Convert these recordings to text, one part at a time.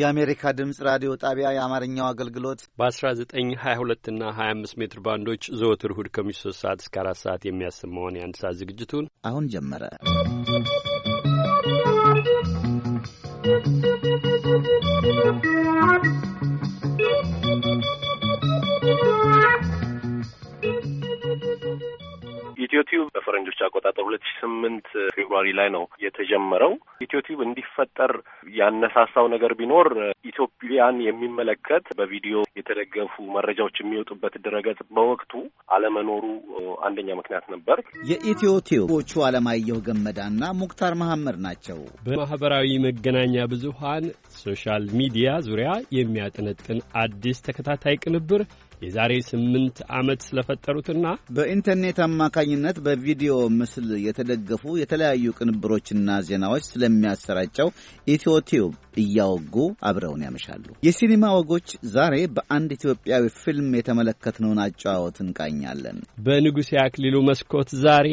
የአሜሪካ ድምፅ ራዲዮ ጣቢያ የአማርኛው አገልግሎት በ1922 እና 25 ሜትር ባንዶች ዘወትር እሁድ ከምሽቱ 3 ሰዓት እስከ 4 ሰዓት የሚያሰማውን የአንድ ሰዓት ዝግጅቱን አሁን ጀመረ። ኢትዮቲዩብ በፈረንጆች አቆጣጠር ሁለት ሺ ስምንት ፌብሩዋሪ ላይ ነው የተጀመረው። ኢትዮቲዩብ እንዲፈጠር ያነሳሳው ነገር ቢኖር ኢትዮጵያን የሚመለከት በቪዲዮ የተደገፉ መረጃዎች የሚወጡበት ድረገጽ በወቅቱ አለመኖሩ አንደኛ ምክንያት ነበር። የኢትዮቲዩቦቹ አለማየሁ ገመዳና ሙክታር መሐመድ ናቸው። በማህበራዊ መገናኛ ብዙሀን ሶሻል ሚዲያ ዙሪያ የሚያጠነጥን አዲስ ተከታታይ ቅንብር የዛሬ ስምንት ዓመት ስለፈጠሩትና በኢንተርኔት አማካኝነት በቪዲዮ ምስል የተደገፉ የተለያዩ ቅንብሮችና ዜናዎች ስለሚያሰራጨው ኢትዮቲዩብ እያወጉ አብረውን ያመሻሉ። የሲኒማ ወጎች ዛሬ በአንድ ኢትዮጵያዊ ፊልም የተመለከትነውን አጨዋወት እንቃኛለን። በንጉሴ አክሊሉ መስኮት ዛሬ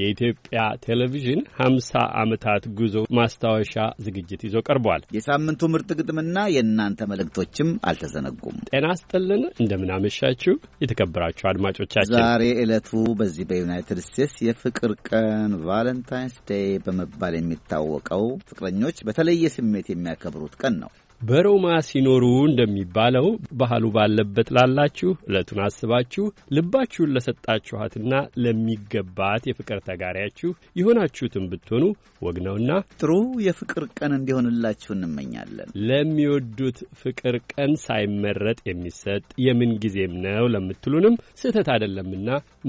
የኢትዮጵያ ቴሌቪዥን ሀምሳ ዓመታት ጉዞ ማስታወሻ ዝግጅት ይዞ ቀርቧል። የሳምንቱ ምርጥ ግጥምና የእናንተ መልእክቶችም አልተዘነጉም። ጤና ስጥልን እንደምናምን አመሻችሁ የተከበራችሁ አድማጮቻችን። ዛሬ ዕለቱ በዚህ በዩናይትድ ስቴትስ የፍቅር ቀን ቫለንታይንስ ዴይ በመባል የሚታወቀው ፍቅረኞች በተለየ ስሜት የሚያከብሩት ቀን ነው። በሮማ ሲኖሩ እንደሚባለው ባህሉ ባለበት ላላችሁ ዕለቱን አስባችሁ ልባችሁን ለሰጣችኋትና ለሚገባት የፍቅር ተጋሪያችሁ የሆናችሁትን ብትሆኑ ወግ ነውና ጥሩ የፍቅር ቀን እንዲሆንላችሁ እንመኛለን። ለሚወዱት ፍቅር ቀን ሳይመረጥ የሚሰጥ የምንጊዜም ነው ለምትሉንም ስህተት አይደለምና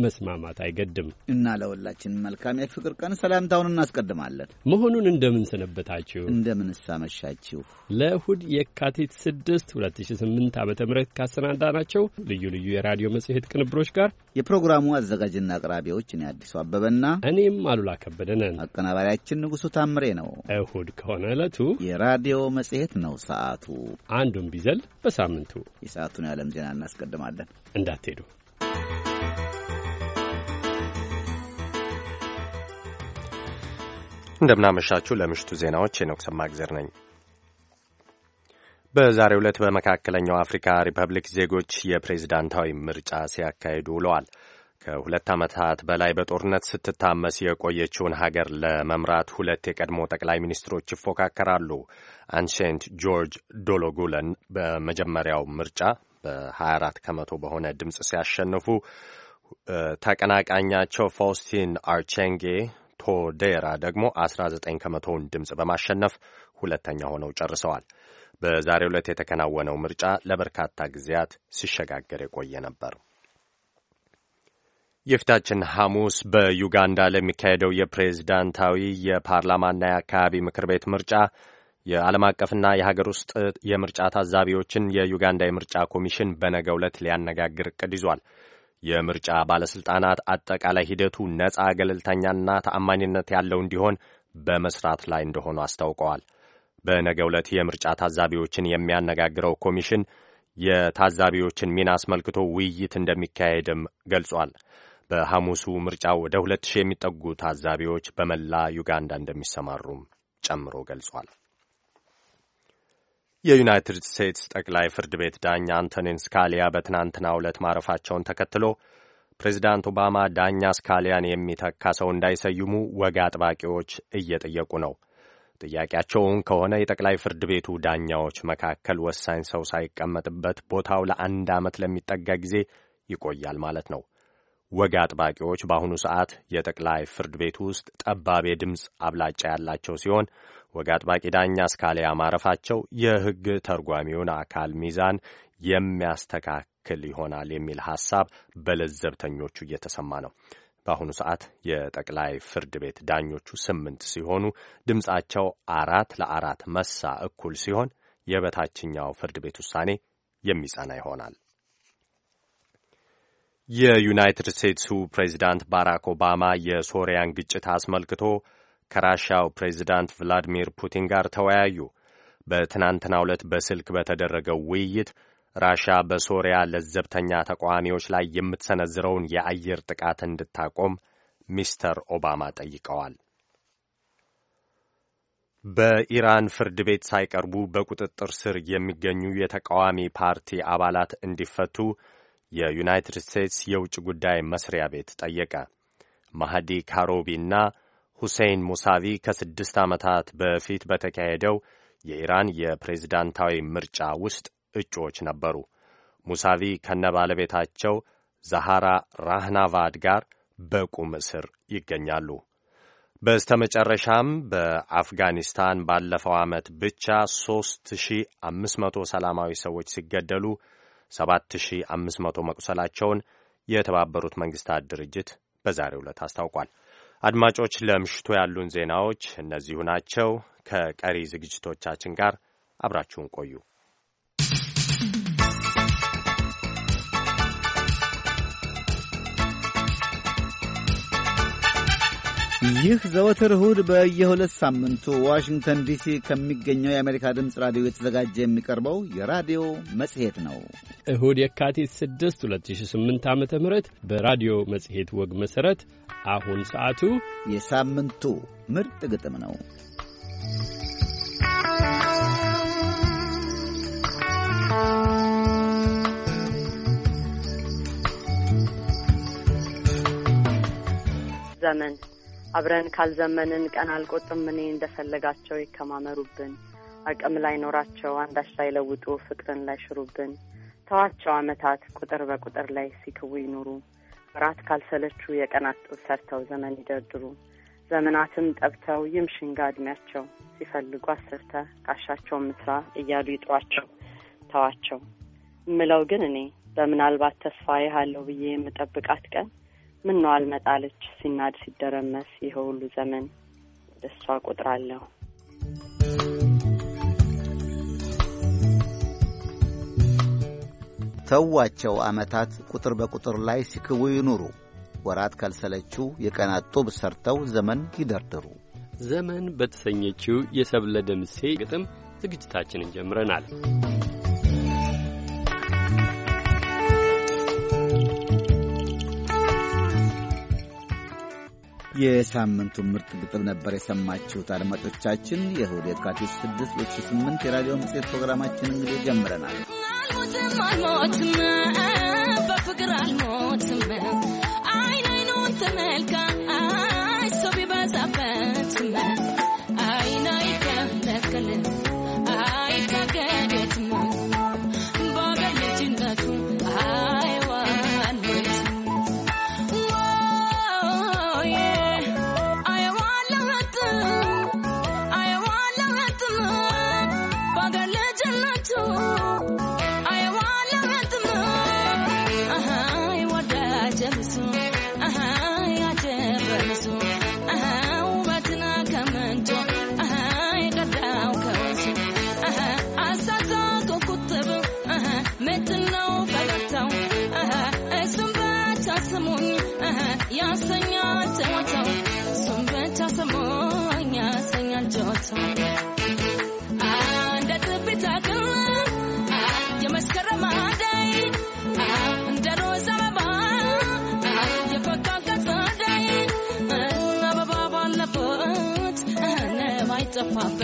መስማማት አይገድም እና ለሁላችን መልካም የፍቅር ቀን ሰላምታውን እናስቀድማለን መሆኑን እንደምንሰነበታችሁ እንደምንሳመሻችሁ ለእሁድ እሁድ የካቲት 6 2008 ዓ ም ናቸው ልዩ ልዩ የራዲዮ መጽሔት ቅንብሮች ጋር የፕሮግራሙ አዘጋጅና አቅራቢዎች እኔ አዲሱ አበበና እኔም አሉላ ከበደ ነን። አቀናባሪያችን ንጉሱ ታምሬ ነው። እሁድ ከሆነ ዕለቱ የራዲዮ መጽሔት ነው። ሰዓቱ አንዱን ቢዘል በሳምንቱ የሰዓቱን የዓለም ዜና እናስቀድማለን። እንዳትሄዱ። እንደምናመሻችሁ። ለምሽቱ ዜናዎች የኖክ ነኝ። በዛሬው ዕለት በመካከለኛው አፍሪካ ሪፐብሊክ ዜጎች የፕሬዝዳንታዊ ምርጫ ሲያካሂዱ ውለዋል። ከሁለት ዓመታት በላይ በጦርነት ስትታመስ የቆየችውን ሀገር ለመምራት ሁለት የቀድሞ ጠቅላይ ሚኒስትሮች ይፎካከራሉ። አንሴንት ጆርጅ ዶሎጉለን በመጀመሪያው ምርጫ በ24 ከመቶ በሆነ ድምፅ ሲያሸንፉ ተቀናቃኛቸው ፋውስቲን አርቼንጌ ቶዴራ ደግሞ 19 ከመቶውን ድምፅ በማሸነፍ ሁለተኛ ሆነው ጨርሰዋል። በዛሬው ዕለት የተከናወነው ምርጫ ለበርካታ ጊዜያት ሲሸጋገር የቆየ ነበር። የፊታችን ሐሙስ በዩጋንዳ ለሚካሄደው የፕሬዝዳንታዊ የፓርላማና የአካባቢ ምክር ቤት ምርጫ የዓለም አቀፍና የሀገር ውስጥ የምርጫ ታዛቢዎችን የዩጋንዳ የምርጫ ኮሚሽን በነገ ዕለት ሊያነጋግር እቅድ ይዟል። የምርጫ ባለሥልጣናት አጠቃላይ ሂደቱ ነጻ ገለልተኛና ተአማኒነት ያለው እንዲሆን በመስራት ላይ እንደሆኑ አስታውቀዋል። በነገ ዕለት የምርጫ ታዛቢዎችን የሚያነጋግረው ኮሚሽን የታዛቢዎችን ሚና አስመልክቶ ውይይት እንደሚካሄድም ገልጿል። በሐሙሱ ምርጫ ወደ ሁለት ሺህ የሚጠጉ ታዛቢዎች በመላ ዩጋንዳ እንደሚሰማሩም ጨምሮ ገልጿል። የዩናይትድ ስቴትስ ጠቅላይ ፍርድ ቤት ዳኛ አንቶኒን ስካሊያ በትናንትና ዕለት ማረፋቸውን ተከትሎ ፕሬዚዳንት ኦባማ ዳኛ ስካሊያን የሚተካ ሰው እንዳይሰይሙ ወግ አጥባቂዎች እየጠየቁ ነው። ጥያቄያቸውን ከሆነ የጠቅላይ ፍርድ ቤቱ ዳኛዎች መካከል ወሳኝ ሰው ሳይቀመጥበት ቦታው ለአንድ ዓመት ለሚጠጋ ጊዜ ይቆያል ማለት ነው። ወግ አጥባቂዎች በአሁኑ ሰዓት የጠቅላይ ፍርድ ቤቱ ውስጥ ጠባብ ድምፅ አብላጫ ያላቸው ሲሆን ወግ አጥባቂ ዳኛ እስካሊያ ማረፋቸው የሕግ ተርጓሚውን አካል ሚዛን የሚያስተካክል ይሆናል የሚል ሐሳብ በለዘብተኞቹ እየተሰማ ነው። በአሁኑ ሰዓት የጠቅላይ ፍርድ ቤት ዳኞቹ ስምንት ሲሆኑ ድምፃቸው አራት ለአራት መሳ እኩል ሲሆን የበታችኛው ፍርድ ቤት ውሳኔ የሚጸና ይሆናል። የዩናይትድ ስቴትሱ ፕሬዚዳንት ባራክ ኦባማ የሶሪያን ግጭት አስመልክቶ ከራሻው ፕሬዚዳንት ቭላዲሚር ፑቲን ጋር ተወያዩ። በትናንትናው ዕለት በስልክ በተደረገው ውይይት ራሻ በሶሪያ ለዘብተኛ ተቃዋሚዎች ላይ የምትሰነዝረውን የአየር ጥቃት እንድታቆም ሚስተር ኦባማ ጠይቀዋል። በኢራን ፍርድ ቤት ሳይቀርቡ በቁጥጥር ስር የሚገኙ የተቃዋሚ ፓርቲ አባላት እንዲፈቱ የዩናይትድ ስቴትስ የውጭ ጉዳይ መስሪያ ቤት ጠየቀ። ማህዲ ካሮቢና ሁሴይን ሙሳቪ ከስድስት ዓመታት በፊት በተካሄደው የኢራን የፕሬዝዳንታዊ ምርጫ ውስጥ እጩዎች ነበሩ። ሙሳቪ ከነ ባለቤታቸው ዛሃራ ራህናቫድ ጋር በቁም እስር ይገኛሉ። በስተመጨረሻም በአፍጋኒስታን ባለፈው ዓመት ብቻ 3500 ሰላማዊ ሰዎች ሲገደሉ 7500 መቁሰላቸውን የተባበሩት መንግስታት ድርጅት በዛሬው ዕለት አስታውቋል። አድማጮች፣ ለምሽቱ ያሉን ዜናዎች እነዚሁ ናቸው። ከቀሪ ዝግጅቶቻችን ጋር አብራችሁን ቆዩ። ይህ ዘወትር እሁድ በየሁለት ሳምንቱ ዋሽንግተን ዲሲ ከሚገኘው የአሜሪካ ድምፅ ራዲዮ የተዘጋጀ የሚቀርበው የራዲዮ መጽሔት ነው። እሁድ የካቲት 6 2008 ዓ ም በራዲዮ መጽሔት ወግ መሠረት አሁን ሰዓቱ የሳምንቱ ምርጥ ግጥም ነው። ዘመን አብረን ካልዘመንን ቀን አልቆጥም እኔ እንደፈለጋቸው ይከማመሩብን አቅም ላይ ኖራቸው አንዳች ላይ ለውጡ ፍቅርን ላይ ሽሩብን ተዋቸው አመታት ቁጥር በቁጥር ላይ ሲክቡ ይኑሩ ራት ካልሰለቹ የቀናት ጡብ ሰርተው ዘመን ይደርድሩ ዘመናትም ጠብተው ሽንጋ እድሜያቸው ሲፈልጉ አስርተ ካሻቸው ምስራ እያሉ ይጧቸው ተዋቸው። እምለው ግን እኔ በምናልባት ተስፋ ይሃለው ብዬ የምጠብቃት ቀን ምን ነው አልመጣለች ሲናድ ሲደረመስ ይኸ ሁሉ ዘመን ደሷ ቆጥራለሁ። ተዋቸው ዓመታት ቁጥር በቁጥር ላይ ሲክቡ ይኑሩ። ወራት ካልሰለችው የቀናት ጡብ ሰርተው ዘመን ይደርድሩ። ዘመን በተሰኘችው የሰብለ ደምሴ ግጥም ዝግጅታችንን ጀምረናል። የሳምንቱ ምርጥ ግጥም ነበር የሰማችሁት። አድማጮቻችን የእሁድ የካቲት 6 2008 የራዲዮ መጽሔት ፕሮግራማችን እንግዲህ ጀምረናል። አልሞትም በፍቅር አልሞትም አይን አይኑን ተመልካ ሰው ቢበዛበትም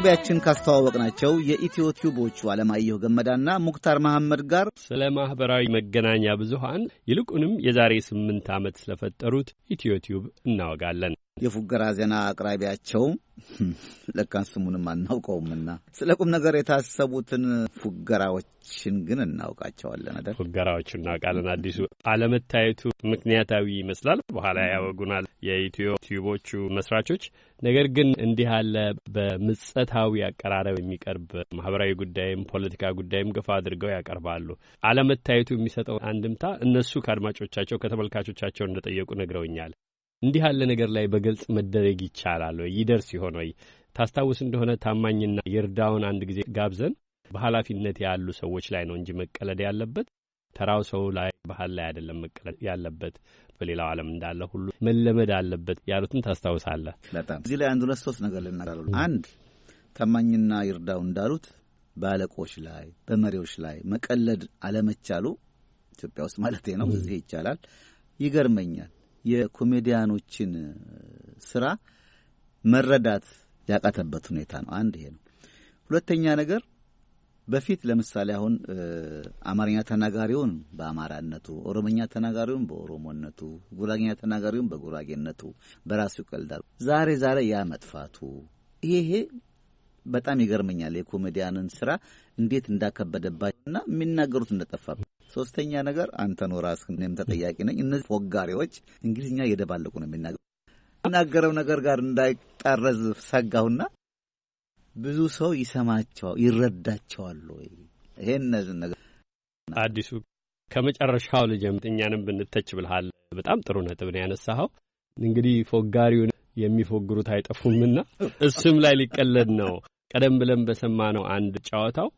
በመግቢያችን ካስተዋወቅናቸው የኢትዮ ቲዩቦቹ አለማየሁ ገመዳና ሙክታር መሐመድ ጋር ስለ ማኅበራዊ መገናኛ ብዙሃን ይልቁንም የዛሬ ስምንት ዓመት ስለፈጠሩት ኢትዮ ቲዩብ እናወጋለን። የፉገራ ዜና አቅራቢያቸው ለካን ስሙንም አናውቀውምና ስለ ቁም ነገር የታሰቡትን ፉገራዎችን ግን እናውቃቸዋለን አይደል? ፉገራዎች እናውቃለን። አዲሱ አለመታየቱ ምክንያታዊ ይመስላል። በኋላ ያወጉናል የኢትዮ ቲዩቦቹ መስራቾች። ነገር ግን እንዲህ አለ በምጸታዊ አቀራረብ የሚቀርብ ማህበራዊ ጉዳይም ፖለቲካ ጉዳይም ገፋ አድርገው ያቀርባሉ። አለመታየቱ የሚሰጠው አንድምታ እነሱ ከአድማጮቻቸው ከተመልካቾቻቸው እንደጠየቁ ነግረውኛል። እንዲህ ያለ ነገር ላይ በግልጽ መደረግ ይቻላል ወይ? ይደርስ ይሆን ወይ? ታስታውስ እንደሆነ ታማኝና ይርዳውን አንድ ጊዜ ጋብዘን በኃላፊነት ያሉ ሰዎች ላይ ነው እንጂ መቀለድ ያለበት ተራው ሰው ላይ ባህል ላይ አይደለም መቀለድ ያለበት። በሌላው ዓለም እንዳለ ሁሉ መለመድ አለበት ያሉትን ታስታውሳለህ። በጣም እዚህ ላይ አንድ ሁለት ሶስት ነገር ልናገራሉ። አንድ ታማኝና ይርዳው እንዳሉት በአለቆች ላይ በመሪዎች ላይ መቀለድ አለመቻሉ ኢትዮጵያ ውስጥ ማለት ነው ይቻላል ይገርመኛል። የኮሜዲያኖችን ስራ መረዳት ያቃተበት ሁኔታ ነው። አንድ ይሄ ነው። ሁለተኛ ነገር በፊት ለምሳሌ አሁን አማርኛ ተናጋሪውን በአማራነቱ፣ ኦሮምኛ ተናጋሪውን በኦሮሞነቱ፣ ጉራጌኛ ተናጋሪውን በጉራጌነቱ በራሱ ይቀልዳል። ዛሬ ዛሬ ያ መጥፋቱ ይሄ በጣም ይገርመኛል። የኮሜዲያንን ስራ እንዴት እንዳከበደባቸው ና የሚናገሩት እንደጠፋ ሶስተኛ ነገር አንተን ራስ እኔም ተጠያቂ ነኝ። እነዚህ ወጋሪዎች እንግሊዝኛ እየደባለቁ ነው የሚናገሩ ናገረው ነገር ጋር እንዳይጣረዝ ሰጋሁና ብዙ ሰው ይሰማቸዋል፣ ይረዳቸዋል ወይ? ይሄን እነዚህ ነገር አዲሱ ከመጨረሻው ልጀምር። እኛንም ብንተች ብልሃል። በጣም ጥሩ ነጥብ ነው ያነሳኸው። እንግዲህ ፎጋሪውን የሚፎግሩት አይጠፉምና እሱም ላይ ሊቀለድ ነው። ቀደም ብለን በሰማነው አንድ ጨዋታው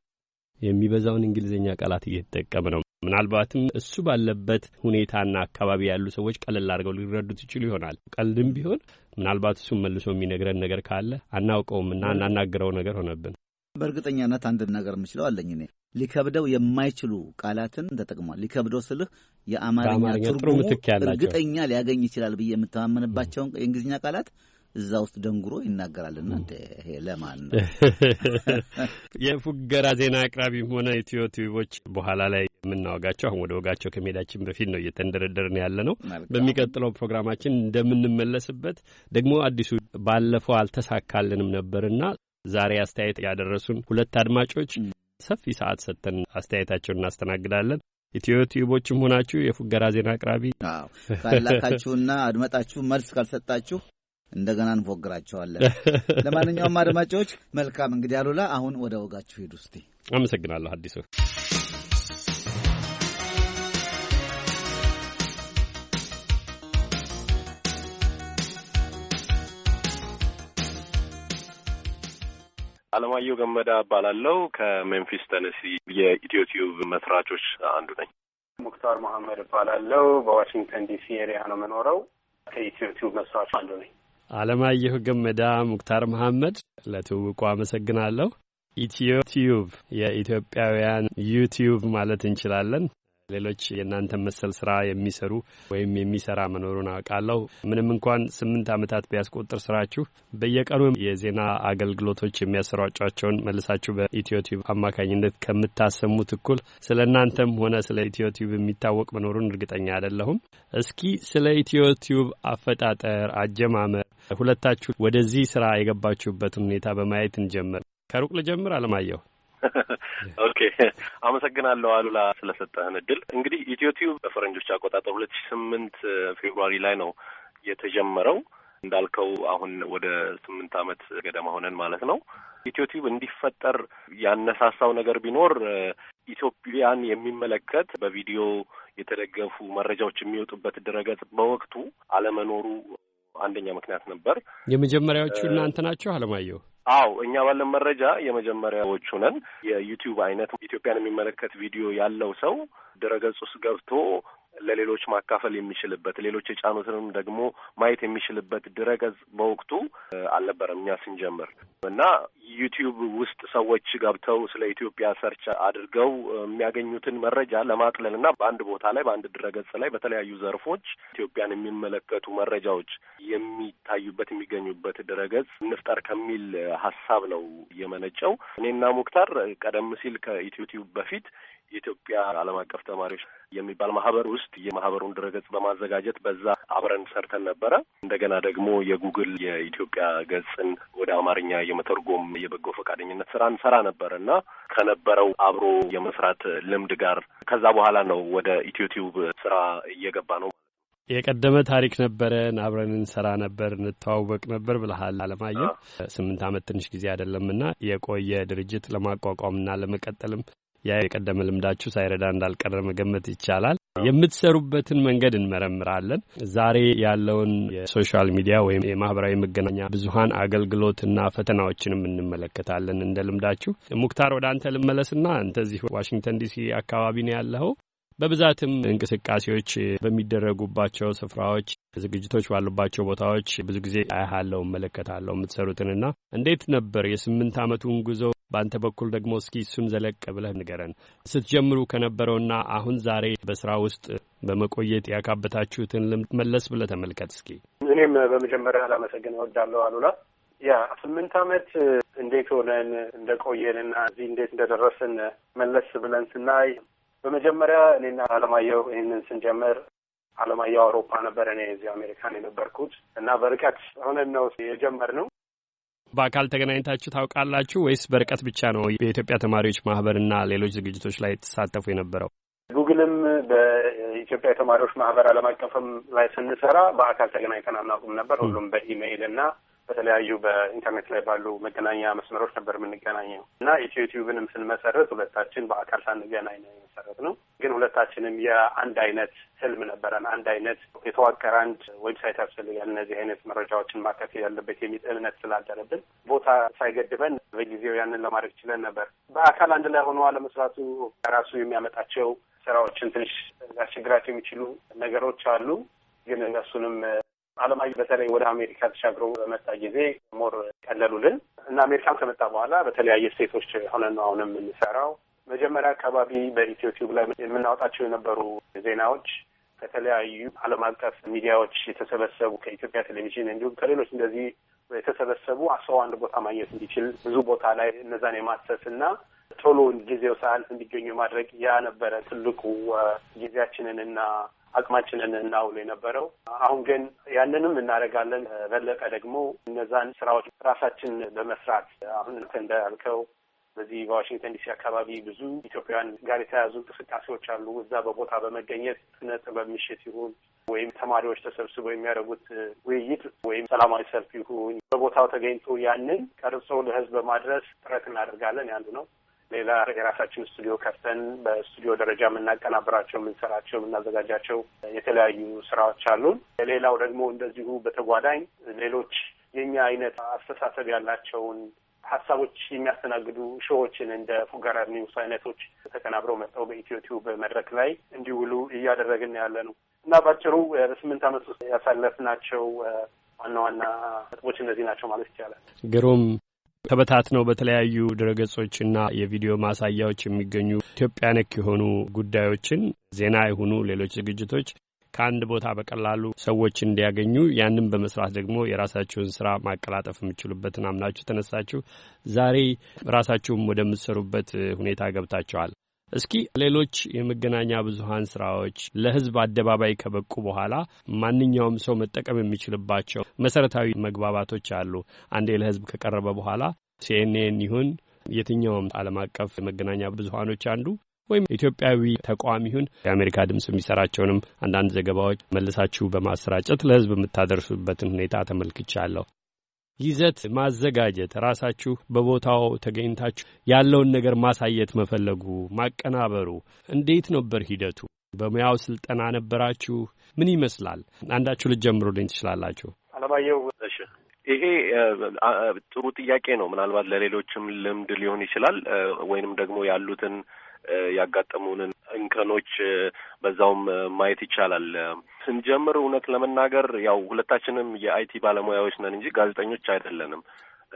የሚበዛውን እንግሊዝኛ ቃላት እየተጠቀም ነው። ምናልባትም እሱ ባለበት ሁኔታና አካባቢ ያሉ ሰዎች ቀለል አድርገው ሊረዱት ይችሉ ይሆናል። ቀልድም ቢሆን ምናልባት እሱም መልሶ የሚነግረን ነገር ካለ አናውቀውምና እናናግረው ነገር ሆነብን። በእርግጠኛነት አንድ ነገር የምችለው አለኝ እኔ። ሊከብደው የማይችሉ ቃላትን ተጠቅሟል። ሊከብደው ስልህ የአማርኛ ትርጉሙ እርግጠኛ ሊያገኝ ይችላል ብዬ የምተማመንባቸውን የእንግሊዝኛ ቃላት እዛ ውስጥ ደንጉሮ ይናገራልና እንደ ይሄ ለማን ነው የፉገራ ዜና አቅራቢም ሆነ ኢትዮ ቲቪቦች በኋላ ላይ የምናወጋቸው አሁን ወደ ወጋቸው ከመሄዳችን በፊት ነው እየተንደረደርን ያለ ነው። በሚቀጥለው ፕሮግራማችን እንደምንመለስበት ደግሞ አዲሱ ባለፈው አልተሳካልንም ነበርና ዛሬ አስተያየት ያደረሱን ሁለት አድማጮች ሰፊ ሰዓት ሰጥተን አስተያየታቸውን እናስተናግዳለን። ኢትዮ ቲዩቦችም ሆናችሁ የፉገራ ዜና አቅራቢ ካላካችሁና አድመጣችሁ መልስ ካልሰጣችሁ እንደገና እንፎግራቸዋለን። ለማንኛውም አድማጮች መልካም እንግዲህ አሉላ፣ አሁን ወደ ወጋችሁ ሂዱ እስቲ። አመሰግናለሁ አዲሱ አለማየሁ ገመዳ እባላለሁ። ከሜምፊስ ተነሲ የኢትዮ ቲዩብ መስራቾች አንዱ ነኝ። ሙክታር መሐመድ እባላለሁ። በዋሽንግተን ዲሲ ኤሪያ ነው የምኖረው። ከኢትዮ ቲዩብ መስራቾች አንዱ ነኝ። አለማየሁ ገመዳ፣ ሙክታር መሐመድ ለትውውቁ አመሰግናለሁ። ኢትዮ ቲዩብ የኢትዮጵያውያን ዩቲዩብ ማለት እንችላለን። ሌሎች የእናንተ መሰል ስራ የሚሰሩ ወይም የሚሰራ መኖሩን አውቃለሁ። ምንም እንኳን ስምንት ዓመታት ቢያስቆጥር ስራችሁ በየቀኑ የዜና አገልግሎቶች የሚያሰራጯቸውን መልሳችሁ በኢትዮ አማካኝነት ከምታሰሙት እኩል ስለ እናንተም ሆነ ስለ ኢትዮ የሚታወቅ መኖሩን እርግጠኛ አይደለሁም። እስኪ ስለ ኢትዮ አፈጣጠር፣ አጀማመር ሁለታችሁ ወደዚህ ስራ የገባችሁበትን ሁኔታ በማየት እንጀምር። ከሩቅ ልጀምር። አለማየሁ ኦኬ አመሰግናለሁ አሉላ ስለሰጠህን እድል። እንግዲህ ኢትዮቲዩብ በፈረንጆች አቆጣጠር ሁለት ሺ ስምንት ፌብሩዋሪ ላይ ነው የተጀመረው። እንዳልከው አሁን ወደ ስምንት አመት ገደማ ሆነን ማለት ነው። ኢትዮቲዩብ እንዲፈጠር ያነሳሳው ነገር ቢኖር ኢትዮጵያን የሚመለከት በቪዲዮ የተደገፉ መረጃዎች የሚወጡበት ድረገጽ በወቅቱ አለመኖሩ አንደኛ ምክንያት ነበር። የመጀመሪያዎቹ እናንተ ናችሁ አለማየሁ? አው እኛ ባለን መረጃ የመጀመሪያዎቹ ነን። የዩቲዩብ አይነት ኢትዮጵያን የሚመለከት ቪዲዮ ያለው ሰው ድረገጽ ውስጥ ገብቶ ለሌሎች ማካፈል የሚችልበት ሌሎች የጫኑትንም ደግሞ ማየት የሚችልበት ድረገጽ በወቅቱ አልነበረም እኛ ስንጀምር እና ዩቲዩብ ውስጥ ሰዎች ገብተው ስለ ኢትዮጵያ ሰርች አድርገው የሚያገኙትን መረጃ ለማቅለል እና በአንድ ቦታ ላይ በአንድ ድረገጽ ላይ በተለያዩ ዘርፎች ኢትዮጵያን የሚመለከቱ መረጃዎች የሚ የሚታዩበት የሚገኙበት ድረገጽ እንፍጠር ከሚል ሀሳብ ነው የመነጨው። እኔና ሙክታር ቀደም ሲል ከኢትዮ በፊት የኢትዮጵያ ዓለም አቀፍ ተማሪዎች የሚባል ማህበር ውስጥ የማህበሩን ድረገጽ በማዘጋጀት በዛ አብረን ሰርተን ነበረ። እንደገና ደግሞ የጉግል የኢትዮጵያ ገጽን ወደ አማርኛ የመተርጎም የበጎ ፈቃደኝነት ስራ እንሰራ ነበር እና ከነበረው አብሮ የመስራት ልምድ ጋር ከዛ በኋላ ነው ወደ ኢትዮ ስራ እየገባ ነው። የቀደመ ታሪክ ነበረን፣ አብረን እንሰራ ነበር፣ እንተዋወቅ ነበር ብልሃል አለማየሁ። ስምንት ዓመት ትንሽ ጊዜ አይደለምና የቆየ ድርጅት ለማቋቋምና ለመቀጠልም ያ የቀደመ ልምዳችሁ ሳይረዳ እንዳልቀረ መገመት ይቻላል። የምትሰሩበትን መንገድ እንመረምራለን። ዛሬ ያለውን የሶሻል ሚዲያ ወይም የማህበራዊ መገናኛ ብዙኃን አገልግሎትና ፈተናዎችንም እንመለከታለን። እንደ ልምዳችሁ ሙክታር፣ ወደ አንተ ልመለስና አንተ እዚህ ዋሽንግተን ዲሲ አካባቢ ነው ያለኸው። በብዛትም እንቅስቃሴዎች በሚደረጉባቸው ስፍራዎች፣ ዝግጅቶች ባሉባቸው ቦታዎች ብዙ ጊዜ አያሃለሁ፣ እመለከታለሁ የምትሰሩትንና እንዴት ነበር የስምንት ዓመቱን ጉዞ? በአንተ በኩል ደግሞ እስኪ እሱን ዘለቅ ብለህ ንገረን። ስትጀምሩ ከነበረውና አሁን ዛሬ በስራ ውስጥ በመቆየት ያካበታችሁትን ልምድ መለስ ብለህ ተመልከት እስኪ። እኔም በመጀመሪያ ላመሰግን እወዳለሁ አሉላ ያ ስምንት ዓመት እንዴት ሆነን እንደቆየንና እዚህ እንዴት እንደደረስን መለስ ብለን ስናይ በመጀመሪያ እኔና አለማየሁ ይህንን ስንጀምር አለማየሁ አውሮፓ ነበር፣ እኔ እዚህ አሜሪካን የነበርኩት እና በርቀት ሆነን ነው የጀመርነው። በአካል ተገናኝታችሁ ታውቃላችሁ ወይስ በርቀት ብቻ ነው? የኢትዮጵያ ተማሪዎች ማህበርና ሌሎች ዝግጅቶች ላይ ተሳተፉ የነበረው? ጉግልም በኢትዮጵያ የተማሪዎች ማህበር አለም አቀፍም ላይ ስንሰራ በአካል ተገናኝተን አናውቅም ነበር። ሁሉም በኢሜይል እና በተለያዩ በኢንተርኔት ላይ ባሉ መገናኛ መስመሮች ነበር የምንገናኘው እና ኢትዮ ስንመሰረት ሁለታችን በአካል ሳንገናኝ ነው የመሰረት ነው። ግን ሁለታችንም የአንድ አይነት ህልም ነበረን። አንድ አይነት የተዋቀረ አንድ ዌብሳይት ያስፈልጋል፣ እነዚህ አይነት መረጃዎችን ማከፍ ያለበት የሚል እምነት ስላደረብን ቦታ ሳይገድበን በጊዜው ያንን ለማድረግ ችለን ነበር። በአካል አንድ ላይ ሆኖ አለመስራቱ ራሱ የሚያመጣቸው ስራዎችን ትንሽ ሊያስቸግራቸው የሚችሉ ነገሮች አሉ። ግን እነሱንም አለማየሁ በተለይ ወደ አሜሪካ ተሻግሮ በመጣ ጊዜ ሞር ቀለሉልን እና አሜሪካም ከመጣ በኋላ በተለያየ ስቴቶች ሆነን ነው አሁን የምንሰራው። መጀመሪያ አካባቢ በኢትዮ ላይ የምናወጣቸው የነበሩ ዜናዎች ከተለያዩ ዓለም አቀፍ ሚዲያዎች የተሰበሰቡ ከኢትዮጵያ ቴሌቪዥን እንዲሁም ከሌሎች እንደዚህ የተሰበሰቡ ሰው አንድ ቦታ ማግኘት እንዲችል ብዙ ቦታ ላይ እነዛን የማሰስ እና ቶሎ ጊዜው ሰዓት እንዲገኙ ማድረግ ያ ነበረ ትልቁ ጊዜያችንን እና አቅማችንን እናውል የነበረው። አሁን ግን ያንንም እናደርጋለን። በለጠ ደግሞ እነዛን ስራዎች ራሳችን በመስራት አሁን እንዳልከው በዚህ በዋሽንግተን ዲሲ አካባቢ ብዙ ኢትዮጵያውያን ጋር የተያያዙ እንቅስቃሴዎች አሉ። እዛ በቦታ በመገኘት ነጥ ምሽት ይሁን ወይም ተማሪዎች ተሰብስበው የሚያደርጉት ውይይት ወይም ሰላማዊ ሰልፍ ይሁን በቦታው ተገኝቶ ያንን ቀርጾ ለህዝብ በማድረስ ጥረት እናደርጋለን። ያንዱ ነው። ሌላ የራሳችን ስቱዲዮ ከፍተን በስቱዲዮ ደረጃ የምናቀናብራቸው፣ የምንሰራቸው፣ የምናዘጋጃቸው የተለያዩ ስራዎች አሉን። ሌላው ደግሞ እንደዚሁ በተጓዳኝ ሌሎች የኛ አይነት አስተሳሰብ ያላቸውን ሀሳቦች የሚያስተናግዱ ሾዎችን እንደ ፉጋራ ኒውስ አይነቶች ተቀናብረው መጥተው በኢትዮ ቲዩብ መድረክ ላይ እንዲውሉ እያደረግን ያለ ነው እና በአጭሩ በስምንት አመት ውስጥ ያሳለፍናቸው ዋና ዋና ነጥቦች እነዚህ ናቸው ማለት ይቻላል። ግሩም ተበታትነው በተለያዩ ድረገጾችና የቪዲዮ ማሳያዎች የሚገኙ ኢትዮጵያ ነክ የሆኑ ጉዳዮችን ዜና የሆኑ ሌሎች ዝግጅቶች ከአንድ ቦታ በቀላሉ ሰዎች እንዲያገኙ ያንም በመስራት ደግሞ የራሳችሁን ስራ ማቀላጠፍ የምችሉበትን አምናችሁ ተነሳችሁ ዛሬ ራሳችሁም ወደምትሰሩበት ሁኔታ ገብታችኋል። እስኪ ሌሎች የመገናኛ ብዙሀን ስራዎች ለህዝብ አደባባይ ከበቁ በኋላ ማንኛውም ሰው መጠቀም የሚችልባቸው መሰረታዊ መግባባቶች አሉ። አንዴ ለህዝብ ከቀረበ በኋላ ሲኤንኤን ይሁን የትኛውም ዓለም አቀፍ የመገናኛ ብዙሀኖች አንዱ ወይም ኢትዮጵያዊ ተቋም ይሁን የአሜሪካ ድምፅ የሚሰራቸውንም አንዳንድ ዘገባዎች መልሳችሁ በማሰራጨት ለህዝብ የምታደርሱበትን ሁኔታ ተመልክቻለሁ። ይዘት ማዘጋጀት፣ ራሳችሁ በቦታው ተገኝታችሁ ያለውን ነገር ማሳየት መፈለጉ፣ ማቀናበሩ እንዴት ነበር ሂደቱ? በሙያው ስልጠና ነበራችሁ? ምን ይመስላል? አንዳችሁ ልትጀምሩልኝ ትችላላችሁ? አለማየሁ። እሺ፣ ይሄ ጥሩ ጥያቄ ነው። ምናልባት ለሌሎችም ልምድ ሊሆን ይችላል፣ ወይንም ደግሞ ያሉትን ያጋጠሙንን እንከኖች በዛውም ማየት ይቻላል። ስንጀምር እውነት ለመናገር ያው ሁለታችንም የአይቲ ባለሙያዎች ነን እንጂ ጋዜጠኞች አይደለንም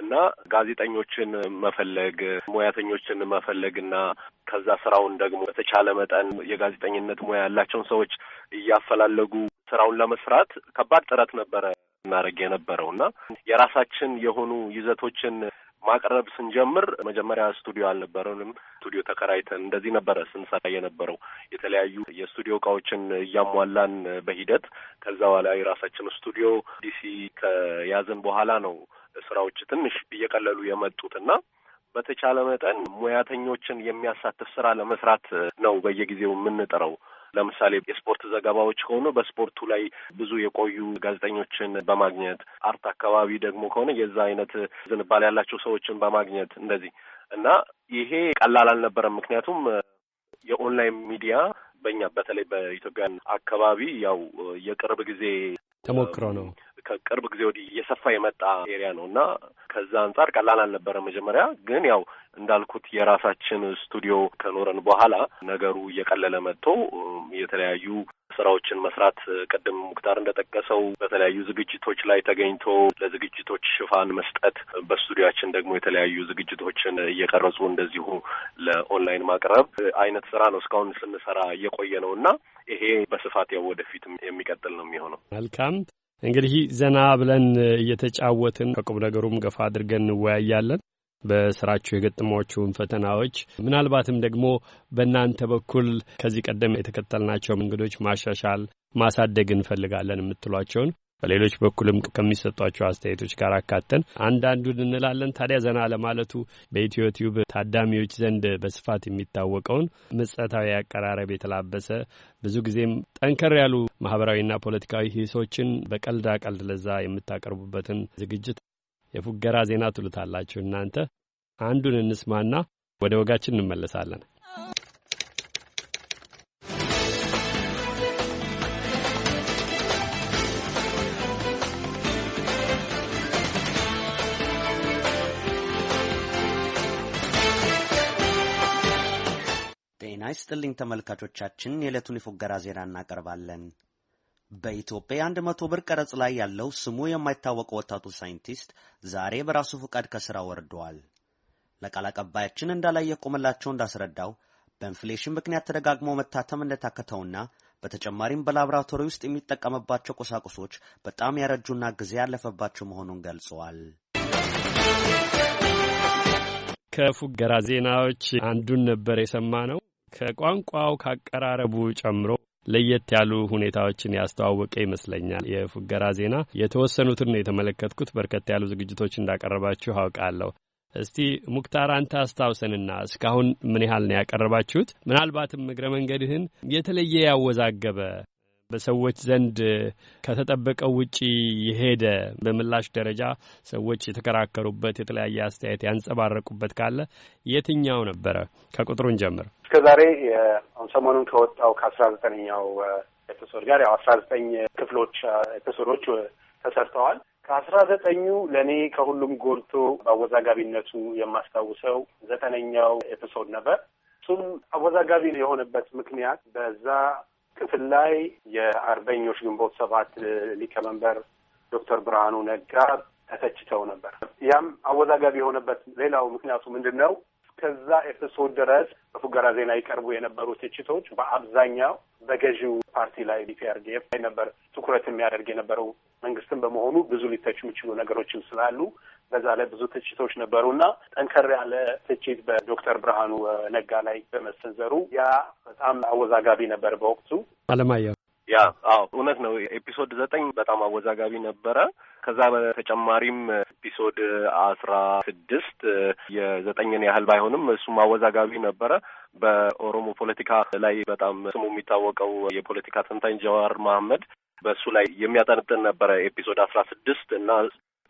እና ጋዜጠኞችን መፈለግ ሙያተኞችን መፈለግና ከዛ ስራውን ደግሞ በተቻለ መጠን የጋዜጠኝነት ሙያ ያላቸውን ሰዎች እያፈላለጉ ስራውን ለመስራት ከባድ ጥረት ነበረ እናደርግ የነበረው እና የራሳችን የሆኑ ይዘቶችን ማቅረብ ስንጀምር መጀመሪያ ስቱዲዮ አልነበረንም። ስቱዲዮ ተከራይተን እንደዚህ ነበረ ስንሰራ የነበረው የተለያዩ የስቱዲዮ እቃዎችን እያሟላን በሂደት ከዛ በኋላ የራሳችን ስቱዲዮ ዲሲ ከያዘን በኋላ ነው ስራዎች ትንሽ እየቀለሉ የመጡትና በተቻለ መጠን ሙያተኞችን የሚያሳትፍ ስራ ለመስራት ነው በየጊዜው የምንጥረው። ለምሳሌ የስፖርት ዘገባዎች ከሆኑ በስፖርቱ ላይ ብዙ የቆዩ ጋዜጠኞችን በማግኘት አርት አካባቢ ደግሞ ከሆነ የዛ አይነት ዝንባል ያላቸው ሰዎችን በማግኘት እንደዚህ እና ይሄ ቀላል አልነበረም። ምክንያቱም የኦንላይን ሚዲያ በእኛ በተለይ በኢትዮጵያን አካባቢ ያው የቅርብ ጊዜ ተሞክሮ ነው ከቅርብ ጊዜ ወዲህ እየሰፋ የመጣ ኤሪያ ነው እና ከዛ አንጻር ቀላል አልነበረ። መጀመሪያ ግን ያው እንዳልኩት የራሳችን ስቱዲዮ ከኖረን በኋላ ነገሩ እየቀለለ መጥቶ የተለያዩ ስራዎችን መስራት ቅድም ሙክታር እንደጠቀሰው በተለያዩ ዝግጅቶች ላይ ተገኝቶ ለዝግጅቶች ሽፋን መስጠት፣ በስቱዲያችን ደግሞ የተለያዩ ዝግጅቶችን እየቀረጹ እንደዚሁ ለኦንላይን ማቅረብ አይነት ስራ ነው እስካሁን ስንሰራ እየቆየ ነው እና ይሄ በስፋት ያው ወደፊት የሚቀጥል ነው የሚሆነው። መልካም እንግዲህ ዘና ብለን እየተጫወትን ከቁም ነገሩም ገፋ አድርገን እንወያያለን። በስራችሁ የገጠሟችሁን ፈተናዎች ምናልባትም ደግሞ በእናንተ በኩል ከዚህ ቀደም የተከተልናቸው መንገዶች ማሻሻል፣ ማሳደግ እንፈልጋለን የምትሏቸውን በሌሎች በኩልም ከሚሰጧቸው አስተያየቶች ጋር አካተን አንዳንዱን እንላለን። ታዲያ ዘና ለማለቱ በኢትዮ ቲዩብ ታዳሚዎች ዘንድ በስፋት የሚታወቀውን ምጸታዊ አቀራረብ የተላበሰ ብዙ ጊዜም ጠንከር ያሉ ማህበራዊና ፖለቲካዊ ሂሶችን በቀልድ ቀልድ ለዛ የምታቀርቡበትን ዝግጅት የፉገራ ዜና ትሉታላችሁ እናንተ። አንዱን እንስማና ወደ ወጋችን እንመለሳለን። ጤና ይስጥልኝ ተመልካቾቻችን፣ የዕለቱን የፉገራ ዜና እናቀርባለን። በኢትዮጵያ የአንድ መቶ ብር ቀረጽ ላይ ያለው ስሙ የማይታወቀ ወጣቱ ሳይንቲስት ዛሬ በራሱ ፈቃድ ከሥራ ወርደዋል። ለቃል አቀባያችን እንዳላየ ቆመላቸው እንዳስረዳው በኢንፍሌሽን ምክንያት ተደጋግሞ መታተም እንደታከተውና በተጨማሪም በላብራቶሪ ውስጥ የሚጠቀምባቸው ቁሳቁሶች በጣም ያረጁና ጊዜ ያለፈባቸው መሆኑን ገልጸዋል። ከፉገራ ዜናዎች አንዱን ነበር የሰማ ነው። ከቋንቋው ካቀራረቡ ጨምሮ ለየት ያሉ ሁኔታዎችን ያስተዋወቀ ይመስለኛል። የፉገራ ዜና የተወሰኑትን ነው የተመለከትኩት። በርከት ያሉ ዝግጅቶች እንዳቀረባችሁ አውቃለሁ። እስቲ ሙክታር አንተ አስታውሰንና እስካሁን ምን ያህል ነው ያቀረባችሁት? ምናልባትም እግረ መንገድህን የተለየ ያወዛገበ በሰዎች ዘንድ ከተጠበቀው ውጪ የሄደ በምላሽ ደረጃ ሰዎች የተከራከሩበት የተለያየ አስተያየት ያንጸባረቁበት ካለ የትኛው ነበረ? ከቁጥሩን ጀምር። እስከ ዛሬ ሰሞኑን ከወጣው ከአስራ ዘጠነኛው ኤፒሶድ ጋር ያው አስራ ዘጠኝ ክፍሎች ኤፒሶዶች ተሰርተዋል። ከአስራ ዘጠኙ ለእኔ ከሁሉም ጎልቶ በአወዛጋቢነቱ የማስታውሰው ዘጠነኛው ኤፒሶድ ነበር። እሱም አወዛጋቢ የሆነበት ምክንያት በዛ ክፍል ላይ የአርበኞች ግንቦት ሰባት ሊቀመንበር ዶክተር ብርሃኑ ነጋ ተተችተው ነበር። ያም አወዛጋቢ የሆነበት ሌላው ምክንያቱ ምንድን ነው? እስከዛ ኤፒሶድ ድረስ በፉገራ ዜና ይቀርቡ የነበሩ ትችቶች በአብዛኛው በገዢው ፓርቲ ላይ ዲፒአርዲኤፍ ላይ ነበር ትኩረት የሚያደርግ የነበረው መንግስትን በመሆኑ ብዙ ሊተች የሚችሉ ነገሮችም ስላሉ በዛ ላይ ብዙ ትችቶች ነበሩ እና ጠንከር ያለ ትችት በዶክተር ብርሃኑ ነጋ ላይ በመሰንዘሩ ያ በጣም አወዛጋቢ ነበር በወቅቱ አለማየሁ። ያ አዎ እውነት ነው። ኤፒሶድ ዘጠኝ በጣም አወዛጋቢ ነበረ። ከዛ በተጨማሪም ኤፒሶድ አስራ ስድስት የዘጠኝን ያህል ባይሆንም እሱም አወዛጋቢ ነበረ። በኦሮሞ ፖለቲካ ላይ በጣም ስሙ የሚታወቀው የፖለቲካ ተንታኝ ጀዋር መሀመድ በእሱ ላይ የሚያጠነጥን ነበረ ኤፒሶድ አስራ ስድስት እና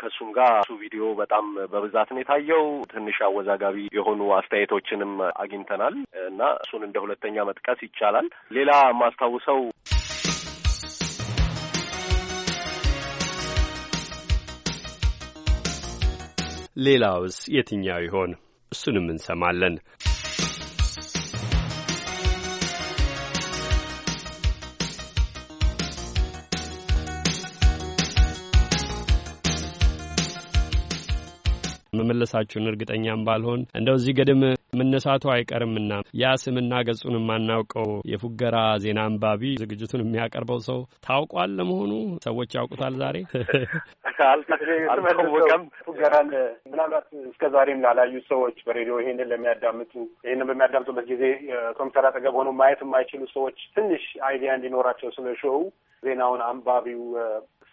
ከእሱም ጋር እሱ ቪዲዮ በጣም በብዛት ነው የታየው። ትንሽ አወዛጋቢ የሆኑ አስተያየቶችንም አግኝተናል እና እሱን እንደ ሁለተኛ መጥቀስ ይቻላል። ሌላ ማስታውሰው ሌላውስ የትኛው ይሆን? እሱንም እንሰማለን። የመለሳችሁን እርግጠኛም ባልሆን እንደው እዚህ ገድም መነሳቱ አይቀርምና ያ ስምና ገጹን የማናውቀው የፉገራ ዜና አንባቢ ዝግጅቱን የሚያቀርበው ሰው ታውቋል ለመሆኑ? ሰዎች ያውቁታል? ዛሬ አልታወቀም። ፉገራን ምናልባት እስከ ዛሬም ላላዩ ሰዎች በሬዲዮ ይሄንን ለሚያዳምጡ ይህንን በሚያዳምጡበት ጊዜ ኮምፒውተር አጠገብ ሆኖ ማየት የማይችሉ ሰዎች ትንሽ አይዲያ እንዲኖራቸው ስለ ሾው ዜናውን አንባቢው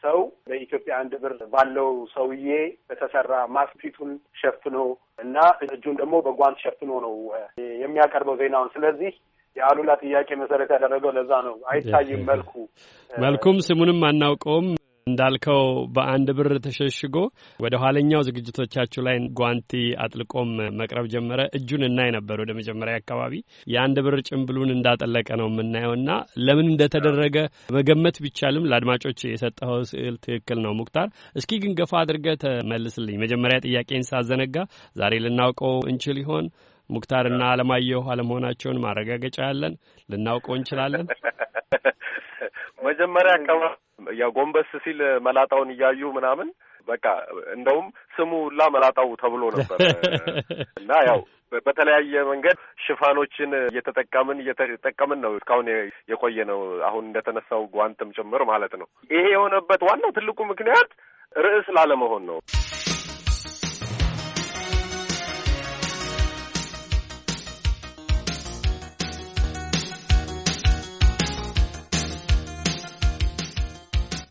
ሰው በኢትዮጵያ አንድ ብር ባለው ሰውዬ በተሰራ ማስክ ፊቱን ሸፍኖ እና እጁን ደግሞ በጓንት ሸፍኖ ነው የሚያቀርበው ዜናውን። ስለዚህ የአሉላ ጥያቄ መሰረት ያደረገው ለዛ ነው። አይታይም መልኩ መልኩም ስሙንም አናውቀውም። እንዳልከው በአንድ ብር ተሸሽጎ ወደ ኋለኛው ዝግጅቶቻችሁ ላይ ጓንቲ አጥልቆም መቅረብ ጀመረ። እጁን እናይ ነበር ወደ መጀመሪያ አካባቢ የአንድ ብር ጭምብሉን እንዳጠለቀ ነው የምናየውና ለምን እንደተደረገ መገመት ቢቻልም ለአድማጮች የሰጠኸው ስዕል ትክክል ነው። ሙክታር፣ እስኪ ግን ገፋ አድርገህ ተመልስልኝ። መጀመሪያ ጥያቄን ሳዘነጋ ዛሬ ልናውቀው እንችል ይሆን? ሙክታርና አለማየሁ አለመሆናቸውን ማረጋገጫ ያለን ልናውቀው እንችላለን። መጀመሪያ አካባቢ ያው ጎንበስ ሲል መላጣውን እያዩ ምናምን በቃ እንደውም ስሙ ሁላ መላጣው ተብሎ ነበር እና ያው በተለያየ መንገድ ሽፋኖችን እየተጠቀምን እየተጠቀምን ነው እስካሁን የቆየ ነው። አሁን እንደተነሳው ጓንትም ጭምር ማለት ነው። ይሄ የሆነበት ዋናው ትልቁ ምክንያት ርዕስ ላለመሆን ነው።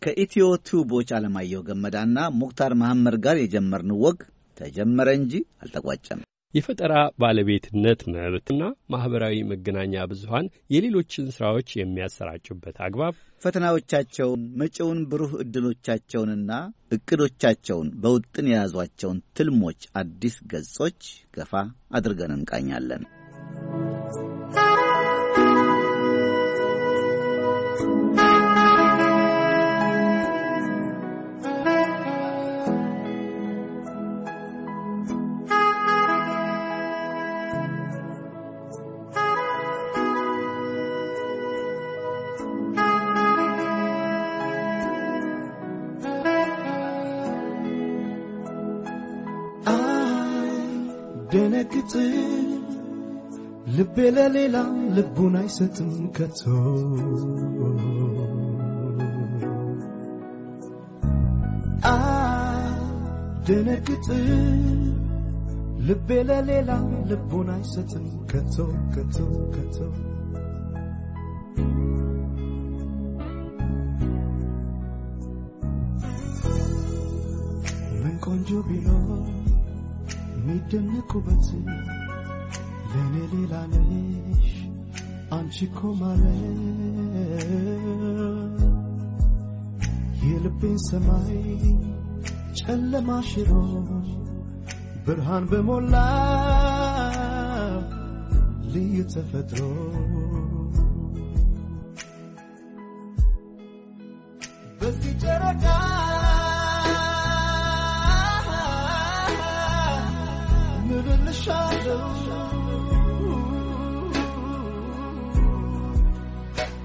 ከኢትዮ ቱቦች አለማየሁ ገመዳና ሙክታር መሐመድ ጋር የጀመርን ወግ ተጀመረ እንጂ አልተቋጨም። የፈጠራ ባለቤትነት መብትና ማኅበራዊ መገናኛ ብዙሀን የሌሎችን ሥራዎች የሚያሰራጩበት አግባብ ፈተናዎቻቸውን፣ መጪውን ብሩህ ዕድሎቻቸውንና እቅዶቻቸውን በውጥን የያዟቸውን ትልሞች አዲስ ገጾች ገፋ አድርገን እንቃኛለን። ልቤ ለሌላ ልቡን አይሰጥም ከቶ አደነግጥ ልቤ ለሌላ ልቡን አይሰጥም ከቶ ከቶ ከቶ ምን ቆንጆ ቢኖር የሚደነቅ ውበት ለእኔ ሌላ ነሽ አንቺ እኮ ማለት የልቤን ሰማይ ጨለማ ሽሮ ብርሃን በሞላ ልዩ ተፈጥሮ በዚህ ጨረቃ ምልልሻለው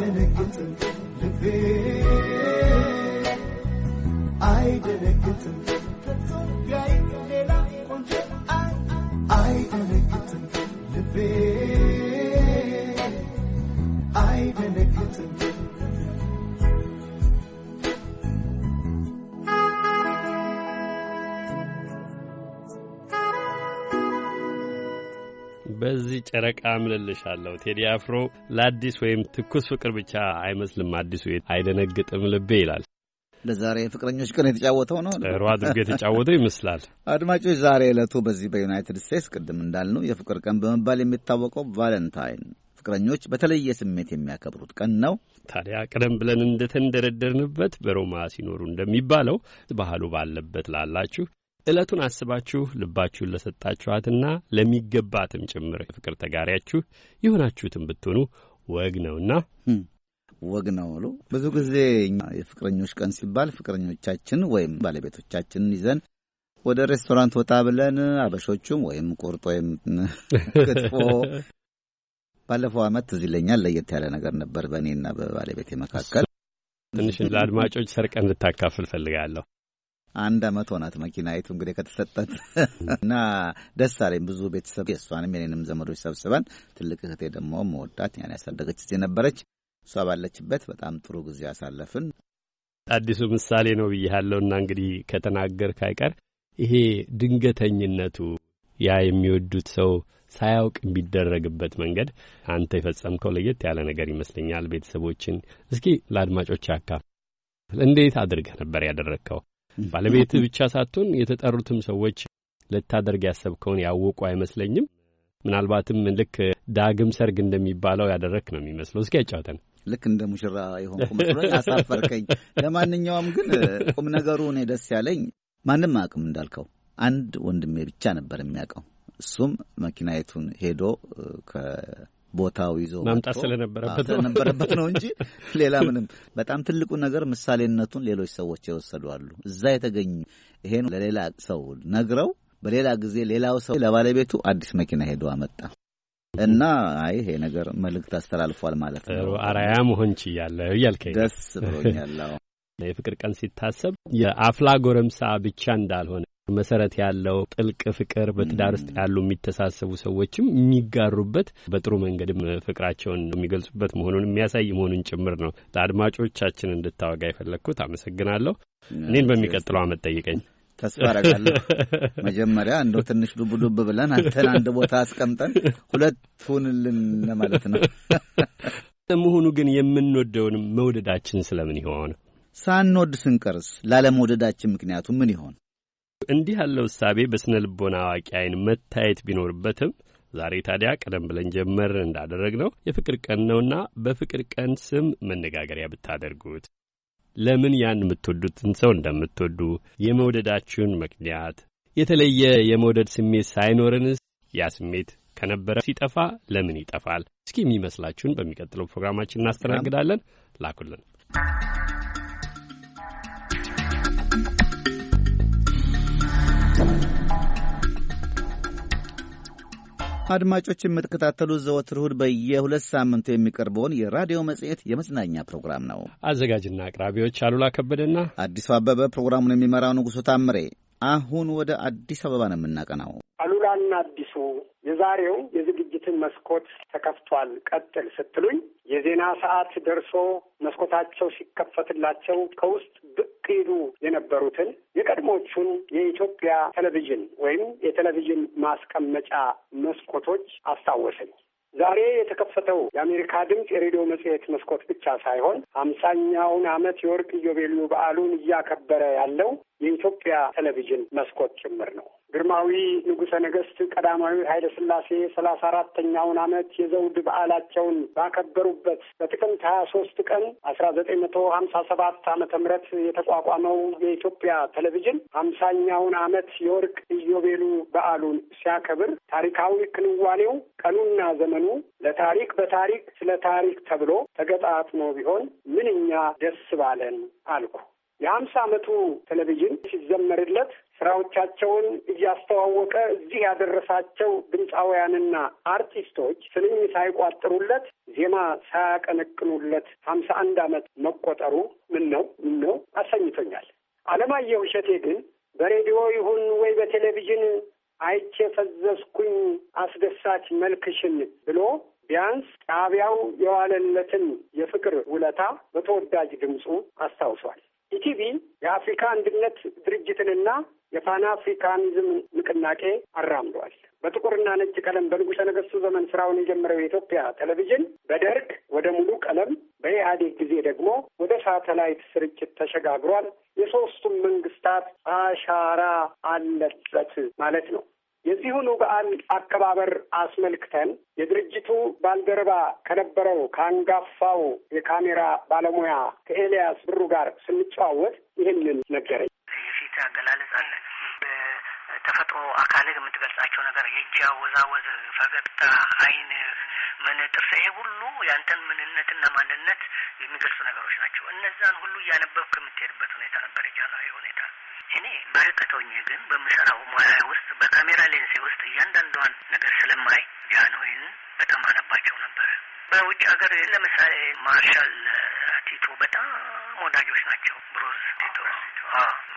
አይደነግጥም ልቤ አይደነግጥም ከኢትዮጵያ ጨረቃ ምልልሻለሁ። ቴዲ አፍሮ ለአዲስ ወይም ትኩስ ፍቅር ብቻ አይመስልም አዲሱ አይደነግጥም ልቤ ይላል። ለዛሬ የፍቅረኞች ቀን የተጫወተው ነው። ጥሩ አድርጎ የተጫወተው ይመስላል። አድማጮች፣ ዛሬ ዕለቱ በዚህ በዩናይትድ ስቴትስ ቅድም እንዳልነው የፍቅር ቀን በመባል የሚታወቀው ቫለንታይን ፍቅረኞች በተለየ ስሜት የሚያከብሩት ቀን ነው። ታዲያ ቀደም ብለን እንደተንደረደርንበት በሮማ ሲኖሩ እንደሚባለው ባህሉ ባለበት ላላችሁ ዕለቱን አስባችሁ ልባችሁን ለሰጣችኋትና ለሚገባትም ጭምር የፍቅር ተጋሪያችሁ የሆናችሁትን ብትሆኑ ወግ ነውና ወግ ነው ሉ ብዙ ጊዜ የፍቅረኞች ቀን ሲባል ፍቅረኞቻችን ወይም ባለቤቶቻችንን ይዘን ወደ ሬስቶራንት ወጣ ብለን አበሾቹም ወይም ቁርጥ ወይም ክትፎ ባለፈው ዓመት ትዝ ይለኛል ለየት ያለ ነገር ነበር በእኔና በባለቤቴ መካከል። ትንሽ ለአድማጮች ሰርቀን ልታካፍል ፈልጋለሁ። አንድ አመት ሆናት መኪናይቱ እንግዲህ ከተሰጠት እና ደስ አለኝ። ብዙ ቤተሰብ የእሷንም የኔንም ዘመዶች ሰብስበን ትልቅ እህቴ ደግሞ መወዳት ያን ያሳደገች ነበረች። እሷ ባለችበት በጣም ጥሩ ጊዜ ያሳለፍን። አዲሱ ምሳሌ ነው እና እንግዲህ ከተናገር ካይቀር ይሄ ድንገተኝነቱ ያ የሚወዱት ሰው ሳያውቅ የሚደረግበት መንገድ አንተ የፈጸምከው ለየት ያለ ነገር ይመስለኛል። ቤተሰቦችን እስኪ ለአድማጮች ያካፍ እንዴት አድርገህ ነበር ያደረግከው? ባለቤት ብቻ ሳትሆን የተጠሩትም ሰዎች ልታደርግ ያሰብከውን ያወቁ አይመስለኝም። ምናልባትም ልክ ዳግም ሰርግ እንደሚባለው ያደረክ ነው የሚመስለው። እስኪ ያጫውተን። ልክ እንደ ሙሽራ የሆንኩ መስሎኝ አሳፈርከኝ። ለማንኛውም ግን ቁም ነገሩ እኔ ደስ ያለኝ ማንም አቅም እንዳልከው አንድ ወንድሜ ብቻ ነበር የሚያውቀው። እሱም መኪናይቱን ሄዶ ቦታው ይዞ መምጣት ስለነበረበት ነው እንጂ ሌላ ምንም። በጣም ትልቁ ነገር ምሳሌነቱን ሌሎች ሰዎች የወሰዱ አሉ። እዛ የተገኙ ይሄን ለሌላ ሰው ነግረው፣ በሌላ ጊዜ ሌላው ሰው ለባለቤቱ አዲስ መኪና ሄዶ አመጣ እና አይ ይሄ ነገር መልእክት አስተላልፏል ማለት ነው። አራያ መሆን ችያለሁ እያልከኝ ደስ ብሎኛል። የፍቅር ቀን ሲታሰብ የአፍላ ጎረምሳ ብቻ እንዳልሆነ መሰረት ያለው ጥልቅ ፍቅር በትዳር ውስጥ ያሉ የሚተሳሰቡ ሰዎችም የሚጋሩበት በጥሩ መንገድም ፍቅራቸውን የሚገልጹበት መሆኑን የሚያሳይ መሆኑን ጭምር ነው። ለአድማጮቻችን እንድታወጋ የፈለግኩት አመሰግናለሁ። እኔን በሚቀጥለው አመት ጠይቀኝ ተስፋ አደርጋለሁ። መጀመሪያ እንደው ትንሽ ዱብ ዱብ ብለን አንተን አንድ ቦታ አስቀምጠን ሁለቱንልን ማለት ነው። ለመሆኑ ግን የምንወደውንም መውደዳችን ስለምን ይሆን? ሳንወድ ስንቀርስ ላለመውደዳችን ምክንያቱ ምን ይሆን? እንዲህ ያለው እሳቤ በስነ ልቦና አዋቂ አይን መታየት ቢኖርበትም ዛሬ ታዲያ ቀደም ብለን ጀመር እንዳደረግ ነው የፍቅር ቀን ነውና በፍቅር ቀን ስም መነጋገሪያ ብታደርጉት ለምን ያን የምትወዱትን ሰው እንደምትወዱ የመውደዳችሁን ምክንያት የተለየ የመውደድ ስሜት ሳይኖርንስ ያ ስሜት ከነበረ ሲጠፋ ለምን ይጠፋል? እስኪ የሚመስላችሁን በሚቀጥለው ፕሮግራማችን እናስተናግዳለን። ላኩልን። አድማጮች የምትከታተሉት ዘወትር እሁድ በየሁለት ሳምንቱ የሚቀርበውን የራዲዮ መጽሔት የመዝናኛ ፕሮግራም ነው። አዘጋጅና አቅራቢዎች አሉላ ከበደና አዲሱ አበበ፣ ፕሮግራሙን የሚመራው ንጉሡ ታምሬ። አሁን ወደ አዲስ አበባ ነው የምናቀናው። አሉላና አዲሱ የዛሬው የዝግጅትን መስኮት ተከፍቷል ቀጥል ስትሉኝ የዜና ሰዓት ደርሶ መስኮታቸው ሲከፈትላቸው ከውስጥ ብቅ ይሉ የነበሩትን የቀድሞቹን የኢትዮጵያ ቴሌቪዥን ወይም የቴሌቪዥን ማስቀመጫ መስኮቶች አስታወሰኝ። ዛሬ የተከፈተው የአሜሪካ ድምፅ የሬዲዮ መጽሔት መስኮት ብቻ ሳይሆን ሀምሳኛውን ዓመት የወርቅ ኢዮቤልዩ በዓሉን እያከበረ ያለው የኢትዮጵያ ቴሌቪዥን መስኮት ጭምር ነው። ግርማዊ ንጉሠ ነገሥት ቀዳማዊ ኃይለ ሥላሴ ሰላሳ አራተኛውን ዓመት የዘውድ በዓላቸውን ባከበሩበት በጥቅምት ሀያ ሶስት ቀን አስራ ዘጠኝ መቶ ሀምሳ ሰባት ዓመተ ምህረት የተቋቋመው የኢትዮጵያ ቴሌቪዥን ሀምሳኛውን ዓመት የወርቅ ኢዮቤሉ በዓሉን ሲያከብር ታሪካዊ ክንዋኔው ቀኑና ዘመኑ ለታሪክ በታሪክ ስለ ታሪክ ተብሎ ተገጣጥሞ ቢሆን ምንኛ ደስ ባለን አልኩ። የሀምሳ ዓመቱ ቴሌቪዥን ሲዘመርለት ስራዎቻቸውን እያስተዋወቀ እዚህ ያደረሳቸው ድምፃውያንና አርቲስቶች ስንኝ ሳይቋጥሩለት ዜማ ሳያቀነቅኑለት ሀምሳ አንድ ዓመት መቆጠሩ ምን ነው ምን ነው አሰኝቶኛል። አለማየሁ እሸቴ ግን በሬዲዮ ይሁን ወይ በቴሌቪዥን አይቼ ፈዘዝኩኝ አስደሳች መልክሽን ብሎ ቢያንስ ጣቢያው የዋለለትን የፍቅር ውለታ በተወዳጅ ድምፁ አስታውሷል። ኢቲቪ የአፍሪካ አንድነት ድርጅትንና የፓን አፍሪካኒዝም ንቅናቄ አራምዷል። በጥቁርና ነጭ ቀለም በንጉሠ ነገሥቱ ዘመን ስራውን የጀመረው የኢትዮጵያ ቴሌቪዥን በደርግ ወደ ሙሉ ቀለም፣ በኢህአዴግ ጊዜ ደግሞ ወደ ሳተላይት ስርጭት ተሸጋግሯል። የሶስቱም መንግስታት አሻራ አለበት ማለት ነው። የዚሁኑ በዓል አከባበር አስመልክተን የድርጅቱ ባልደረባ ከነበረው ከአንጋፋው የካሜራ ባለሙያ ከኤልያስ ብሩ ጋር ስንጨዋወት ይህንን ነገረኝ። ፊት አገላለጻለ በተፈጥሮ አካል የምትገልጻቸው ነገር የእጅ አወዛወዝ፣ ፈገግታ፣ አይን መነጥር ይሄ ሁሉ ያንተን ምንነትና ማንነት የሚገልጹ ነገሮች ናቸው። እነዛን ሁሉ እያነበብክ የምትሄድበት ሁኔታ ነበር። የጃናዊ ሁኔታ እኔ በርቀት ሆኜ ግን በምሰራው ሙያ ውስጥ በካሜራ ሌንሴ ውስጥ እያንዳንዷን ነገር ስለማይ ጃንሆይን በጣም አነባቸው ነበረ። በውጭ ሀገር ለምሳሌ ማርሻል ቲቶ በጣም ወዳጆች ናቸው። ብሮዝ ቲቶ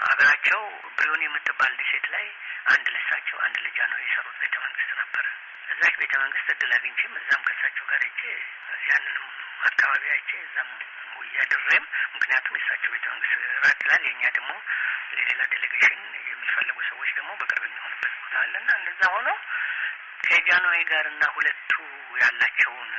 ሀገራቸው ብሪዮን የምትባል ደሴት ላይ አንድ ለሳቸው አንድ ልጃ ነው የሰሩት ቤተ መንግስት ነበረ። እዛች ቤተ መንግስት እድል አግኝቼም እዛም ከሳቸው ጋር እጄ ያንንም አካባቢ አይቼ እዛም እያደረም ምክንያቱም የሳቸው ቤተ መንግስት ራት ላል የእኛ ደግሞ ለሌላ ዴሌጌሽን የሚፈለጉ ሰዎች ደግሞ በቅርብ የሚሆንበት ቦታ አለና እንደዛ ሆኖ ከጃንሆይ ጋርና ሁለቱ ያላቸውን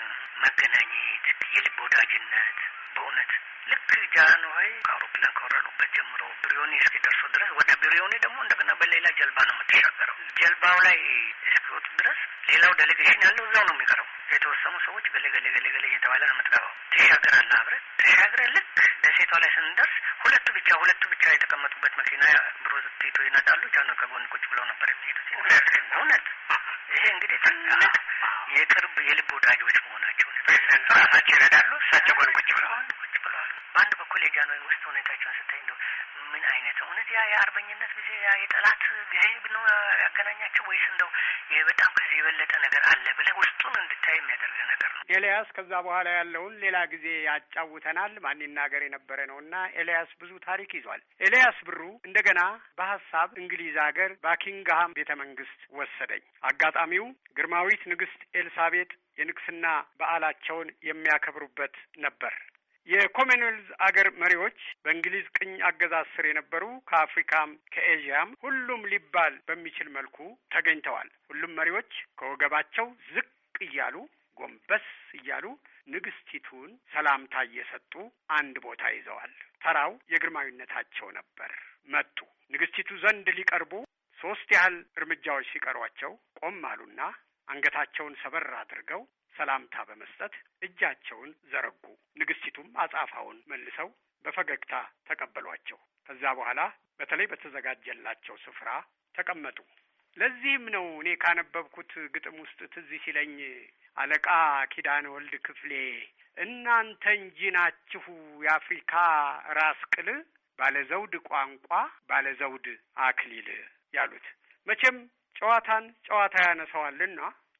መገናኘት የልብ ወዳጅነት በእውነት ልክ ጃንሆይ ከአውሮፕላን ከወረዱበት ጀምሮ ብሪዮኒ እስኪደርሱ ድረስ ወደ ብሪዮኒ ደግሞ እንደገና በሌላ ጀልባ ነው የምትሻገረው። ጀልባው ላይ እስኪወጡ ድረስ ሌላው ዴሌጌሽን ያለው እዛው ነው የሚቀረው። የተወሰኑ ሰዎች ገለገለገለገለ እየተባለ ነው የምትገባው። ትሻገራለህ አብረን ተሻግረህ ልክ ደሴቷ ላይ ስንደርስ ሁለቱ ብቻ ሁለቱ ብቻ የተቀመጡበት መኪና ብሮዝቴቶ ይነዳሉ። ጃኖ ከጎን ቁጭ ብለው ነበር የሚሄዱት። እውነት ይሄ እንግዲህ ትልቅ የቅርብ የልብ ወዳጆች መሆናቸው እራሳቸው ይረዳሉ። እሳቸው ጎን ቁጭ ብለዋል። በአንድ በኩል የጃንሆይ ውስጥ ሁኔታቸውን ስታይ እንደው ምን አይነት እውነት ያ የአርበኝነት ጊዜ ያ የጠላት ጊዜ ነው ያገናኛቸው ወይስ እንደው በጣም ከዚህ የበለጠ ነገር አለ ብለህ ውስጡን እንድታይ የሚያደርግ ነገር ነው። ኤልያስ ከዛ በኋላ ያለውን ሌላ ጊዜ ያጫውተናል። ማን ይናገር የነበረ ነው እና ኤልያስ ብዙ ታሪክ ይዟል። ኤልያስ ብሩ እንደገና በሀሳብ እንግሊዝ ሀገር ባኪንግሃም ቤተ መንግስት ወሰደኝ። አጋጣሚው ግርማዊት ንግስት ኤልሳቤጥ የንግስና በዓላቸውን የሚያከብሩበት ነበር። የኮመንዌልዝ አገር መሪዎች በእንግሊዝ ቅኝ አገዛዝ ስር የነበሩ ከአፍሪካም ከኤዥያም ሁሉም ሊባል በሚችል መልኩ ተገኝተዋል። ሁሉም መሪዎች ከወገባቸው ዝቅ እያሉ ጎንበስ እያሉ ንግስቲቱን ሰላምታ እየሰጡ አንድ ቦታ ይዘዋል። ተራው የግርማዊነታቸው ነበር። መጡ። ንግስቲቱ ዘንድ ሊቀርቡ ሶስት ያህል እርምጃዎች ሲቀሯቸው ቆም አሉና አንገታቸውን ሰበር አድርገው ሰላምታ በመስጠት እጃቸውን ዘረጉ። ንግስቲቱም አጻፋውን መልሰው በፈገግታ ተቀበሏቸው። ከዛ በኋላ በተለይ በተዘጋጀላቸው ስፍራ ተቀመጡ። ለዚህም ነው እኔ ካነበብኩት ግጥም ውስጥ ትዝ ሲለኝ አለቃ ኪዳነ ወልድ ክፍሌ እናንተ እንጂ ናችሁ የአፍሪካ ራስ ቅል፣ ባለዘውድ ቋንቋ፣ ባለዘውድ አክሊል ያሉት መቼም ጨዋታን ጨዋታ ያነሰዋልና።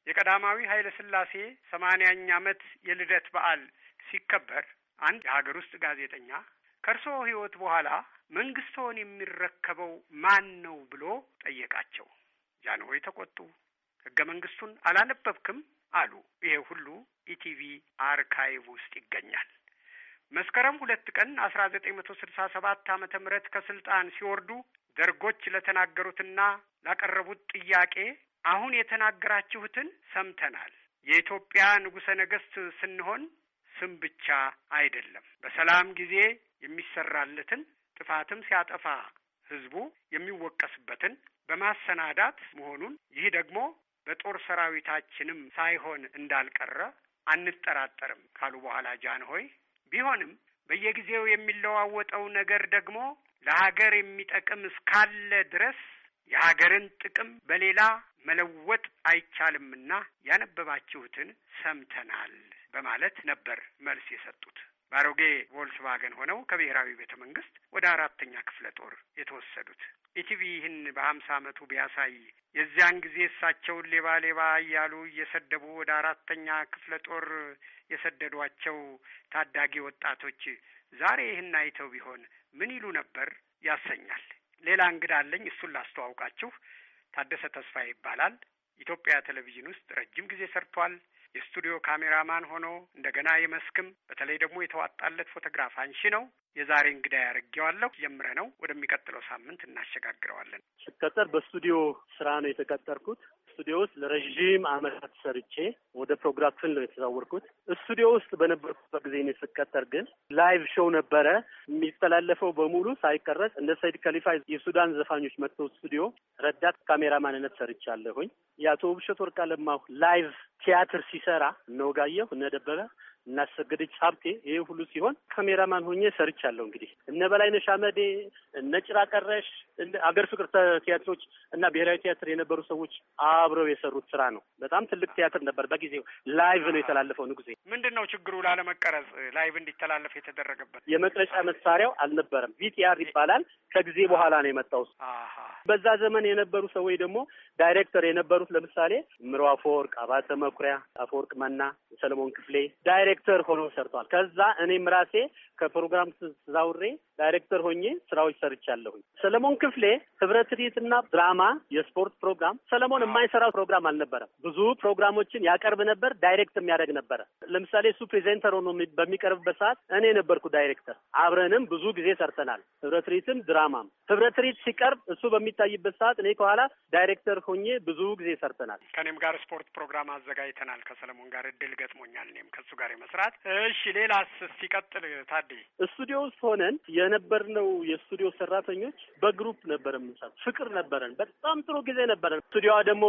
የቀዳማዊ ኃይለ ሥላሴ ሰማንያኛ ዓመት የልደት በዓል ሲከበር አንድ የሀገር ውስጥ ጋዜጠኛ ከእርስዎ ሕይወት በኋላ መንግስቶን የሚረከበው ማን ነው ብሎ ጠየቃቸው። ጃንሆይ ተቆጡ። ሕገ መንግስቱን አላነበብክም አሉ። ይሄ ሁሉ ኢቲቪ አርካይቭ ውስጥ ይገኛል። መስከረም ሁለት ቀን አስራ ዘጠኝ መቶ ስልሳ ሰባት ዓመተ ምህረት ከስልጣን ሲወርዱ ደርጎች ለተናገሩትና ላቀረቡት ጥያቄ አሁን የተናገራችሁትን ሰምተናል። የኢትዮጵያ ንጉሠ ነገሥት ስንሆን ስም ብቻ አይደለም። በሰላም ጊዜ የሚሰራለትን ጥፋትም ሲያጠፋ ህዝቡ የሚወቀስበትን በማሰናዳት መሆኑን ይህ ደግሞ በጦር ሰራዊታችንም ሳይሆን እንዳልቀረ አንጠራጠርም ካሉ በኋላ ጃንሆይ ቢሆንም በየጊዜው የሚለዋወጠው ነገር ደግሞ ለሀገር የሚጠቅም እስካለ ድረስ የሀገርን ጥቅም በሌላ መለወጥ አይቻልምና ያነበባችሁትን ሰምተናል በማለት ነበር መልስ የሰጡት። በአሮጌ ቮልስቫገን ሆነው ከብሔራዊ ቤተ መንግስት ወደ አራተኛ ክፍለ ጦር የተወሰዱት ኢቲቪ ይህን በሀምሳ ዓመቱ ቢያሳይ የዚያን ጊዜ እሳቸውን ሌባ ሌባ እያሉ እየሰደቡ ወደ አራተኛ ክፍለ ጦር የሰደዷቸው ታዳጊ ወጣቶች ዛሬ ይህን አይተው ቢሆን ምን ይሉ ነበር ያሰኛል። ሌላ እንግዳ አለኝ። እሱን ላስተዋውቃችሁ። ታደሰ ተስፋ ይባላል። ኢትዮጵያ ቴሌቪዥን ውስጥ ረጅም ጊዜ ሰርቷል። የስቱዲዮ ካሜራማን ሆኖ እንደገና የመስክም በተለይ ደግሞ የተዋጣለት ፎቶግራፍ አንሺ ነው። የዛሬ እንግዳ ያርጌዋለሁ። ጀምረ ነው። ወደሚቀጥለው ሳምንት እናሸጋግረዋለን። ስቀጠር በስቱዲዮ ስራ ነው የተቀጠርኩት። ስቱዲዮ ውስጥ ለረዥም አመታት ሰርቼ ወደ ፕሮግራም ክፍል ነው የተዛወርኩት። ስቱዲዮ ውስጥ በነበርኩበት ጊዜ ነው ስቀጠር፣ ግን ላይቭ ሾው ነበረ የሚተላለፈው በሙሉ ሳይቀረጽ። እንደ ሰይድ ከሊፋ የሱዳን ዘፋኞች መጥተው ስቱዲዮ ረዳት ካሜራ ማንነት ሰርቻለሁኝ። የአቶ ውብሸት ወርቅአለማሁ ላይቭ ቲያትር ሲሰራ እነወጋየሁ እነደበበ እናሰገደች ሀብቴ ይሄ ሁሉ ሲሆን ካሜራማን ሆኜ ሰርቻለሁ። እንግዲህ እነ በላይነሽ አመዴ እነ ጭራ ቀረሽ አገር ፍቅር ቲያትሮች እና ብሔራዊ ቲያትር የነበሩ ሰዎች አብረው የሰሩት ስራ ነው። በጣም ትልቅ ቲያትር ነበር። በጊዜው ላይቭ ነው የተላለፈው። ንጉሴ፣ ምንድን ነው ችግሩ ላለመቀረጽ ላይቭ እንዲተላለፍ የተደረገበት? የመቅረጫ መሳሪያው አልነበረም። ቪቲአር ይባላል። ከጊዜ በኋላ ነው የመጣው። በዛ ዘመን የነበሩ ሰዎች ደግሞ ዳይሬክተር የነበሩት ለምሳሌ ምሮ አፈወርቅ፣ አባተ መኩሪያ፣ አፈወርቅ መና፣ ሰለሞን ክፍሌ ዳይሬክተር ሆነው ሰርተዋል። ከዛ እኔም ራሴ ከፕሮግራም ተዛውሬ ዳይሬክተር ሆኜ ስራዎች ሰርቻለሁኝ። ሰለሞን ክፍሌ ህብረ ትርኢትና ድራማ የስፖርት ፕሮግራም ሰለሞን የማይሰራው ፕሮግራም አልነበረም። ብዙ ፕሮግራሞችን ያቀርብ ነበር፣ ዳይሬክት የሚያደርግ ነበረ። ለምሳሌ እሱ ፕሬዘንተር ሆኖ በሚቀርብበት ሰዓት እኔ ነበርኩ ዳይሬክተር። አብረንም ብዙ ጊዜ ሰርተናል፣ ህብረ ትርኢትም ድራማም። ህብረ ትርኢት ሲቀርብ እሱ በሚታይበት ሰዓት እኔ ከኋላ ዳይሬክተር ሆኜ ብዙ ጊዜ ሰርተናል። ከእኔም ጋር ስፖርት ፕሮግራም አዘጋጅተናል። ከሰለሞን ጋር እድል ገጥሞኛል እኔም ከሱ ጋር የመስራት። እሺ ሌላስ ሲቀጥል ታዴ። ስቱዲዮ ውስጥ ሆነን የነበርነው የስቱዲዮ ሰራተኞች በግሩ ግሩፕ ነበር የምንሰራው። ፍቅር ነበረን። በጣም ጥሩ ጊዜ ነበረን። ስቱዲዮዋ ደግሞ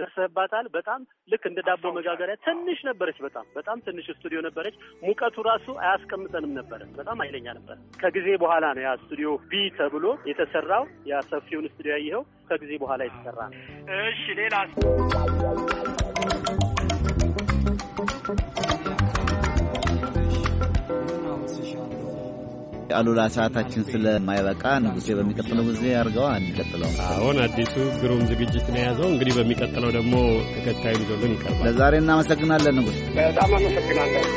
ደርሰህባታል። በጣም ልክ እንደ ዳቦ መጋገሪያ ትንሽ ነበረች። በጣም በጣም ትንሽ ስቱዲዮ ነበረች። ሙቀቱ ራሱ አያስቀምጠንም ነበረ። በጣም ኃይለኛ ነበር። ከጊዜ በኋላ ነው ያ ስቱዲዮ ቢ ተብሎ የተሰራው። ያ ሰፊውን ስቱዲዮ ያየኸው ከጊዜ በኋላ የተሰራ ነው። እሺ ሌላ አሉላ ሰዓታችን ስለማይበቃ ንጉሴ በሚቀጥለው ጊዜ አድርገዋ እንቀጥለው። አሁን አዲሱ ግሩም ዝግጅት ነው የያዘው። እንግዲህ በሚቀጥለው ደግሞ ተከታዩ ይዞልን ይቀርባል። ለዛሬ እናመሰግናለን ንጉሴ፣ በጣም አመሰግናለን።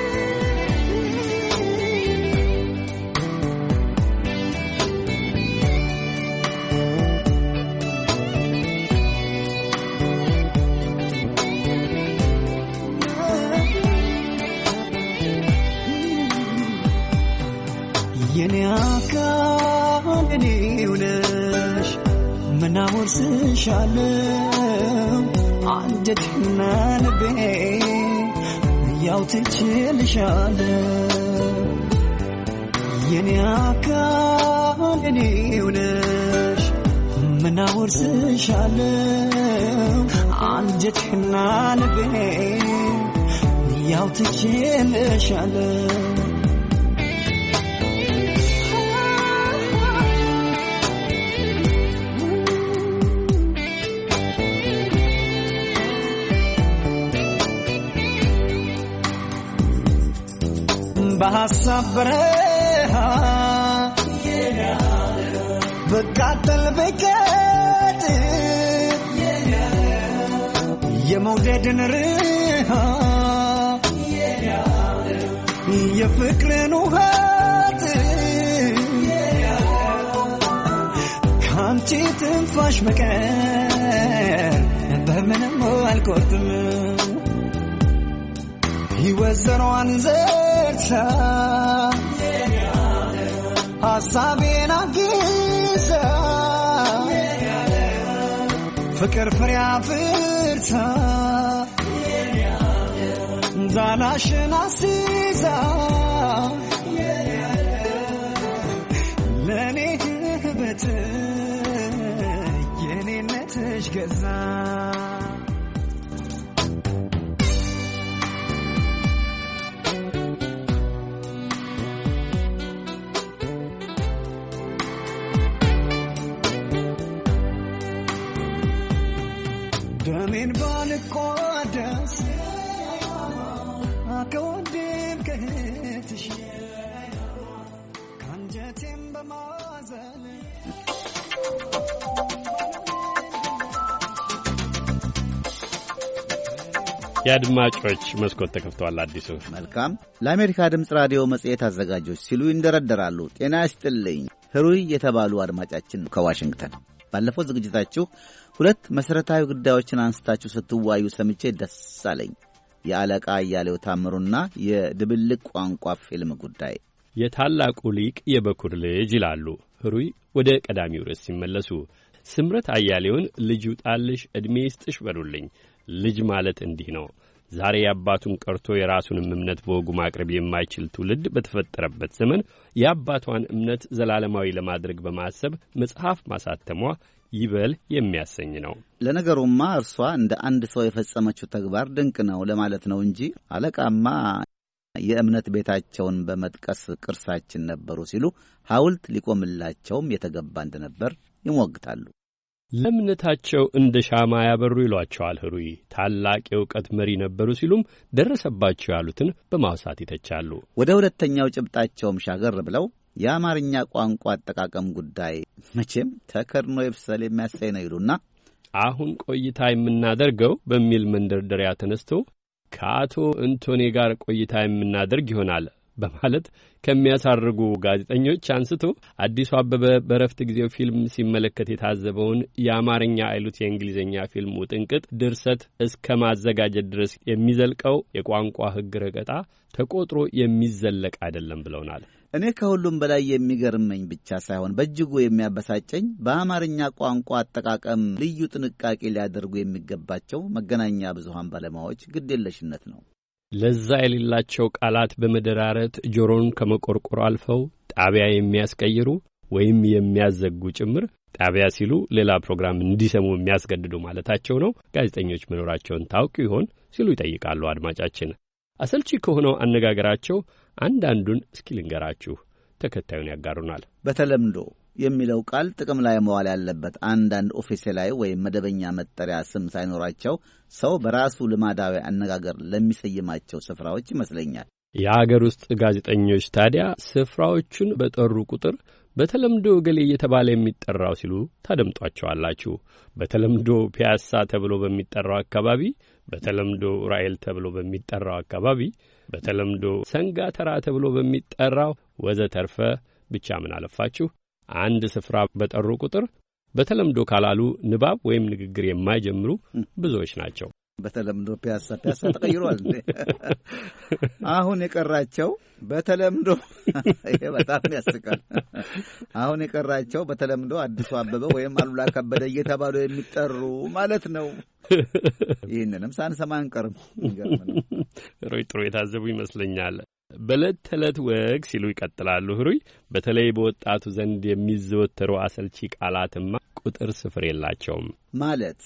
ትችልሻለው አንጀትና ልቤ ያው ትችልሻለው የኔ አካል አንጀትና ልቤ ያው በሐሳብ በረሃ ብቃጠል ብቀጥ የመውደድን ርሃ የፍቅርን ውበት ከአንቺ ትንፋሽ በቀር በምንም አልቆርጥም አንተ ሐሳቤን ፍቅር ፍሬ አፍርተ ዛናሽን አስይዛ ለእኔ ህበት የኔነትሽ ገዛ የአድማጮች መስኮት ተከፍተዋል። አዲሱ መልካም ለአሜሪካ ድምፅ ራዲዮ መጽሔት አዘጋጆች ሲሉ ይንደረደራሉ። ጤና ይስጥልኝ ህሩይ የተባሉ አድማጫችን ከዋሽንግተን ባለፈው ዝግጅታችሁ ሁለት መሠረታዊ ጉዳዮችን አንስታችሁ ስትዋዩ ሰምቼ ደስ አለኝ። የአለቃ እያሌው ታምሩና የድብልቅ ቋንቋ ፊልም ጉዳይ የታላቁ ሊቅ የበኩር ልጅ ይላሉ ህሩይ። ወደ ቀዳሚው ርዕስ ሲመለሱ ስምረት አያሌውን ልጅ ውጣልሽ ዕድሜ ይስጥሽ በሉልኝ ልጅ ማለት እንዲህ ነው። ዛሬ የአባቱን ቀርቶ የራሱንም እምነት በወጉ ማቅረብ የማይችል ትውልድ በተፈጠረበት ዘመን የአባቷን እምነት ዘላለማዊ ለማድረግ በማሰብ መጽሐፍ ማሳተሟ ይበል የሚያሰኝ ነው። ለነገሩማ እርሷ እንደ አንድ ሰው የፈጸመችው ተግባር ድንቅ ነው ለማለት ነው እንጂ አለቃማ የእምነት ቤታቸውን በመጥቀስ ቅርሳችን ነበሩ ሲሉ ሐውልት ሊቆምላቸውም የተገባ እንደነበር ይሞግታሉ። ለእምነታቸው እንደ ሻማ ያበሩ ይሏቸዋል ህሩይ ታላቅ የእውቀት መሪ ነበሩ ሲሉም ደረሰባቸው ያሉትን በማውሳት ይተቻሉ። ወደ ሁለተኛው ጭብጣቸውም ሻገር ብለው የአማርኛ ቋንቋ አጠቃቀም ጉዳይ መቼም ተከርኖ የብሰል የሚያሳይ ነው ይሉና አሁን ቆይታ የምናደርገው በሚል መንደርደሪያ ተነስቶ ከአቶ እንቶኔ ጋር ቆይታ የምናደርግ ይሆናል በማለት ከሚያሳርጉ ጋዜጠኞች አንስቶ አዲሱ አበበ በረፍት ጊዜው ፊልም ሲመለከት የታዘበውን የአማርኛ አይሉት የእንግሊዝኛ ፊልም ውጥንቅጥ ድርሰት እስከ ማዘጋጀት ድረስ የሚዘልቀው የቋንቋ ሕግ ረገጣ ተቆጥሮ የሚዘለቅ አይደለም ብለውናል። እኔ ከሁሉም በላይ የሚገርመኝ ብቻ ሳይሆን በእጅጉ የሚያበሳጨኝ በአማርኛ ቋንቋ አጠቃቀም ልዩ ጥንቃቄ ሊያደርጉ የሚገባቸው መገናኛ ብዙኃን ባለሙያዎች ግዴለሽነት ነው። ለዛ የሌላቸው ቃላት በመደራረት ጆሮን ከመቆርቆር አልፈው ጣቢያ የሚያስቀይሩ ወይም የሚያዘጉ ጭምር ጣቢያ ሲሉ ሌላ ፕሮግራም እንዲሰሙ የሚያስገድዱ ማለታቸው ነው። ጋዜጠኞች መኖራቸውን ታውቁ ይሆን ሲሉ ይጠይቃሉ አድማጫችን። አሰልቺ ከሆነው አነጋገራቸው አንዳንዱን እስኪ ልንገራችሁ። ተከታዩን ያጋሩናል። በተለምዶ የሚለው ቃል ጥቅም ላይ መዋል ያለበት አንዳንድ ኦፊሴላዊ ወይም መደበኛ መጠሪያ ስም ሳይኖራቸው ሰው በራሱ ልማዳዊ አነጋገር ለሚሰይማቸው ስፍራዎች ይመስለኛል። የአገር ውስጥ ጋዜጠኞች ታዲያ ስፍራዎቹን በጠሩ ቁጥር በተለምዶ እገሌ እየተባለ የሚጠራው ሲሉ ታደምጧቸዋላችሁ። በተለምዶ ፒያሳ ተብሎ በሚጠራው አካባቢ፣ በተለምዶ ራኤል ተብሎ በሚጠራው አካባቢ፣ በተለምዶ ሰንጋ ተራ ተብሎ በሚጠራው ወዘተርፈ ብቻ ምን አለፋችሁ አንድ ስፍራ በጠሩ ቁጥር በተለምዶ ካላሉ ንባብ ወይም ንግግር የማይጀምሩ ብዙዎች ናቸው። በተለምዶ ፒያሳ ፒያሳ ተቀይሯል። አሁን የቀራቸው በተለምዶ ይሄ በጣም ያስቃል። አሁን የቀራቸው በተለምዶ አዲሱ አበበ ወይም አሉላ ከበደ እየተባሉ የሚጠሩ ማለት ነው። ይህንንም ሳንሰማ አንቀርም። ጥሩ ጥሩ የታዘቡ ይመስለኛል። በዕለት ተዕለት ወግ ሲሉ ይቀጥላሉ ህሩይ በተለይ በወጣቱ ዘንድ የሚዘወተሩ አሰልቺ ቃላትማ ቁጥር ስፍር የላቸውም። ማለት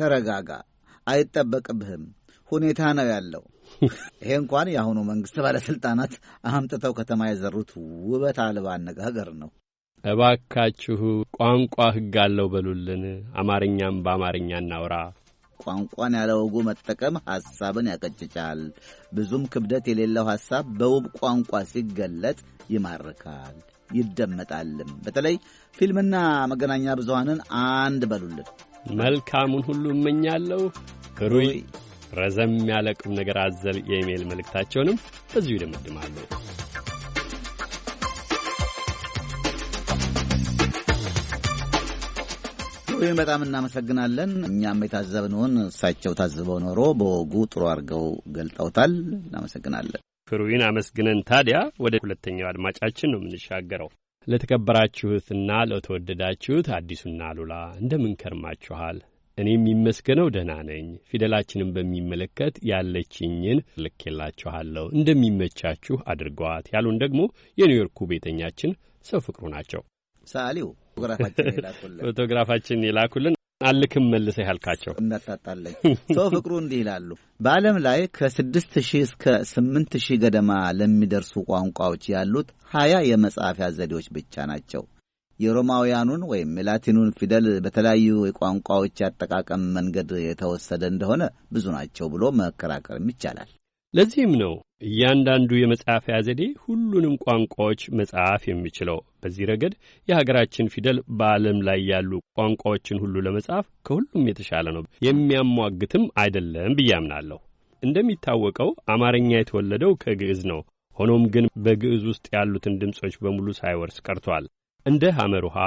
ተረጋጋ፣ አይጠበቅብህም፣ ሁኔታ ነው ያለው። ይሄ እንኳን የአሁኑ መንግሥት ባለሥልጣናት አምጥተው ከተማ የዘሩት ውበት አልባ አነጋገር ነው። እባካችሁ ቋንቋ ሕግ አለው በሉልን፣ አማርኛም በአማርኛ እናውራ ቋንቋን ያለ ወጉ መጠቀም ሐሳብን ያቀጭጫል። ብዙም ክብደት የሌለው ሐሳብ በውብ ቋንቋ ሲገለጥ ይማርካል ይደመጣልም። በተለይ ፊልምና መገናኛ ብዙሃንን አንድ በሉልን። መልካሙን ሁሉ እመኛለሁ። ክሩይ ረዘም ያለ ቁም ነገር አዘል የኢሜይል መልእክታቸውንም በዚሁ ይደመድማሉ። ቪኦኤ በጣም እናመሰግናለን። እኛም የታዘብንውን እሳቸው ታዝበው ኖሮ በወጉ ጥሩ አድርገው ገልጠውታል። እናመሰግናለን። ፍሩዊን አመስግነን ታዲያ ወደ ሁለተኛው አድማጫችን ነው የምንሻገረው። ለተከበራችሁትና ለተወደዳችሁት አዲሱና ሉላ እንደምን ከርማችኋል? እኔ የሚመስገነው ደህና ነኝ። ፊደላችንን በሚመለከት ያለችኝን ልኬላችኋለሁ። እንደሚመቻችሁ አድርጓት ያሉን ደግሞ የኒውዮርኩ ቤተኛችን ሰው ፍቅሩ ናቸው። ሳሊው ፎቶግራፋችን ይላኩልን አልክም መልሰ ያልካቸው እናታጣለኝ ሰው ፍቅሩ እንዲህ ይላሉ። በዓለም ላይ ከስድስት ሺህ እስከ ስምንት ሺህ ገደማ ለሚደርሱ ቋንቋዎች ያሉት ሀያ የመጻፊያ ዘዴዎች ብቻ ናቸው። የሮማውያኑን ወይም የላቲኑን ፊደል በተለያዩ የቋንቋዎች አጠቃቀም መንገድ የተወሰደ እንደሆነ ብዙ ናቸው ብሎ መከራከርም ይቻላል። ለዚህም ነው እያንዳንዱ የመጻፊያ ዘዴ ሁሉንም ቋንቋዎች መጻፍ የሚችለው። በዚህ ረገድ የሀገራችን ፊደል በዓለም ላይ ያሉ ቋንቋዎችን ሁሉ ለመጻፍ ከሁሉም የተሻለ ነው፣ የሚያሟግትም አይደለም ብያምናለሁ። እንደሚታወቀው አማርኛ የተወለደው ከግዕዝ ነው። ሆኖም ግን በግዕዝ ውስጥ ያሉትን ድምፆች በሙሉ ሳይወርስ ቀርቷል። እንደ ሐመር ውሃ፣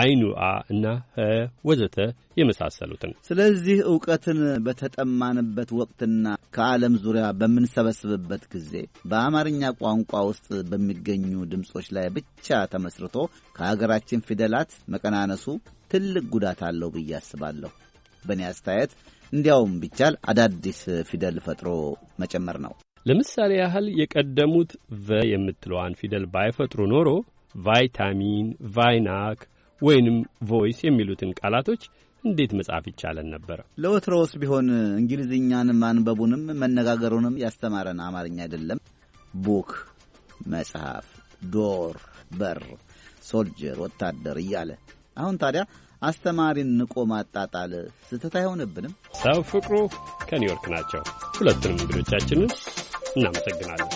አይኑአ እና ህ ወዘተ የመሳሰሉትን። ስለዚህ እውቀትን በተጠማንበት ወቅትና ከዓለም ዙሪያ በምንሰበስብበት ጊዜ በአማርኛ ቋንቋ ውስጥ በሚገኙ ድምፆች ላይ ብቻ ተመስርቶ ከሀገራችን ፊደላት መቀናነሱ ትልቅ ጉዳት አለው ብዬ አስባለሁ። በእኔ አስተያየት እንዲያውም ቢቻል አዳዲስ ፊደል ፈጥሮ መጨመር ነው። ለምሳሌ ያህል የቀደሙት ቨ የምትለዋን ፊደል ባይፈጥሩ ኖሮ ቫይታሚን፣ ቫይናክ ወይንም ቮይስ የሚሉትን ቃላቶች እንዴት መጻፍ ይቻለን ነበር? ለወትሮውስ ቢሆን እንግሊዝኛን ማንበቡንም መነጋገሩንም ያስተማረን አማርኛ አይደለም። ቡክ መጽሐፍ፣ ዶር በር፣ ሶልጀር ወታደር እያለ አሁን ታዲያ አስተማሪን ንቆ ማጣጣል ስህተት አይሆንብንም። ሰው ፍቅሩ ከኒውዮርክ ናቸው። ሁለቱንም እንግዶቻችንን እናመሰግናለን።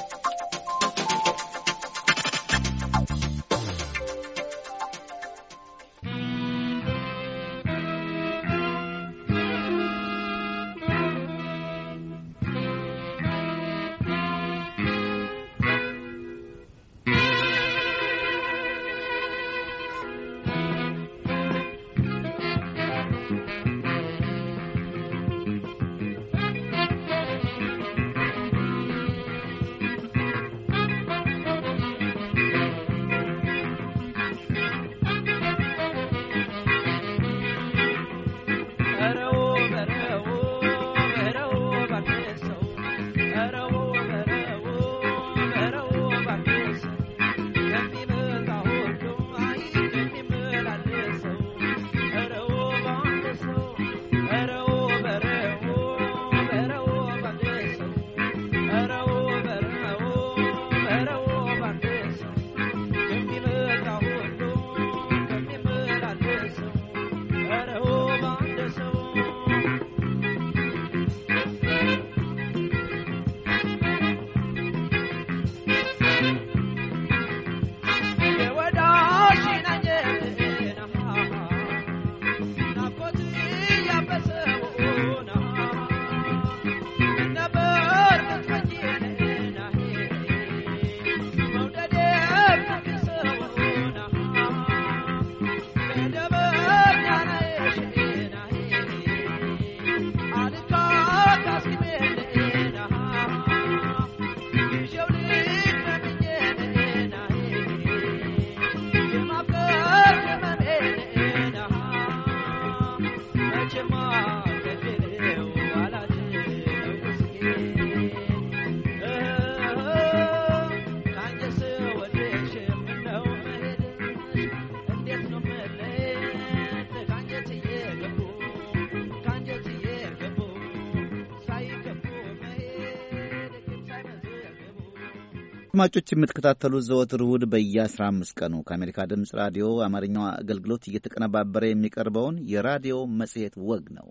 አድማጮች የምትከታተሉት ዘወትር እሁድ በየ15 ቀኑ ከአሜሪካ ድምፅ ራዲዮ አማርኛው አገልግሎት እየተቀነባበረ የሚቀርበውን የራዲዮ መጽሔት ወግ ነው።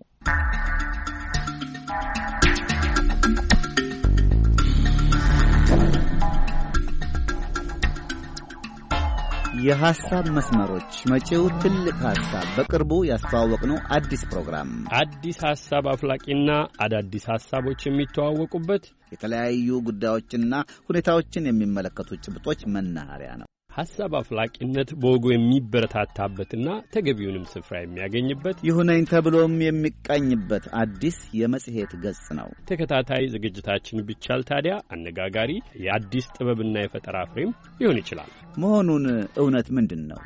የሐሳብ መስመሮች መጪው ትልቅ ሐሳብ በቅርቡ ያስተዋወቅነው አዲስ ፕሮግራም አዲስ ሐሳብ አፍላቂና አዳዲስ ሐሳቦች የሚተዋወቁበት የተለያዩ ጉዳዮችና ሁኔታዎችን የሚመለከቱ ጭብጦች መናኸሪያ ነው። ሐሳብ አፍላቂነት በወጉ የሚበረታታበትና ተገቢውንም ስፍራ የሚያገኝበት ይሁነኝ ተብሎም የሚቃኝበት አዲስ የመጽሔት ገጽ ነው። ተከታታይ ዝግጅታችን ቢቻል ታዲያ አነጋጋሪ የአዲስ ጥበብና የፈጠራ ፍሬም ሊሆን ይችላል መሆኑን እውነት ምንድን ነው?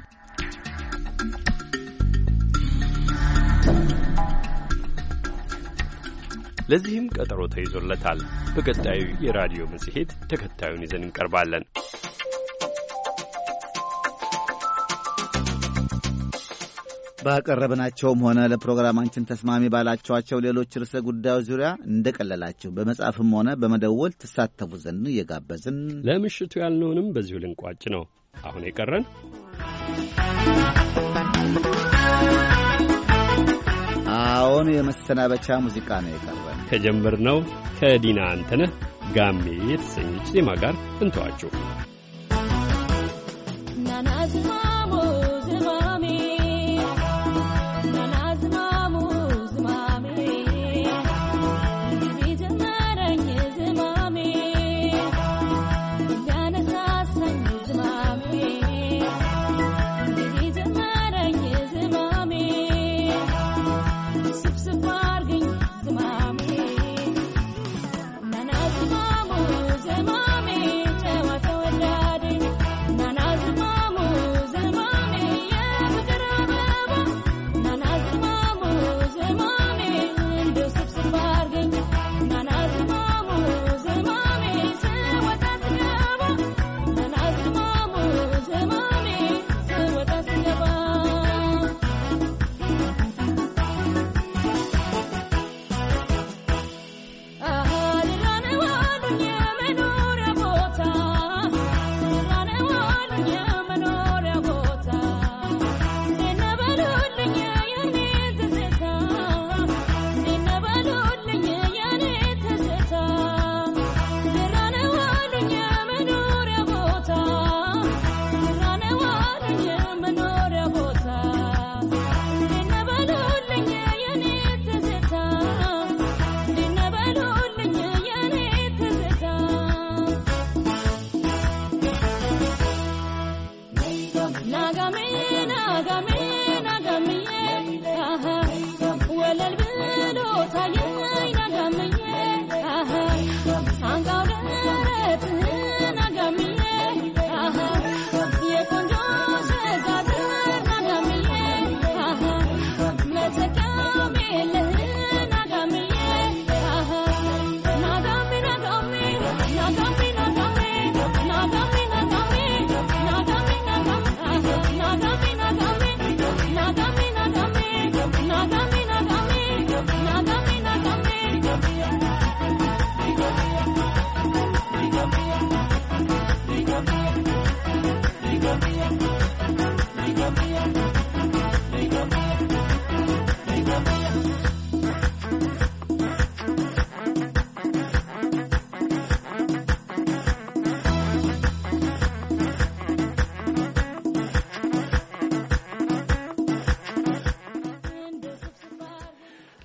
ለዚህም ቀጠሮ ተይዞለታል። በቀጣዩ የራዲዮ መጽሔት ተከታዩን ይዘን እንቀርባለን። ባቀረብናቸውም ሆነ ለፕሮግራማችን ተስማሚ ባላቸዋቸው ሌሎች ርዕሰ ጉዳዮች ዙሪያ እንደቀለላችሁ በመጻፍም ሆነ በመደወል ትሳተፉ ዘንድ እየጋበዝን ለምሽቱ ያልነውንም በዚሁ ልንቋጭ ነው። አሁን የቀረን አሁን የመሰናበቻ ሙዚቃ ነው የቀረን። ነው ከዲና አንተነህ ጋሜ የተሰኘች ዜማ ጋር እንተዋችሁ።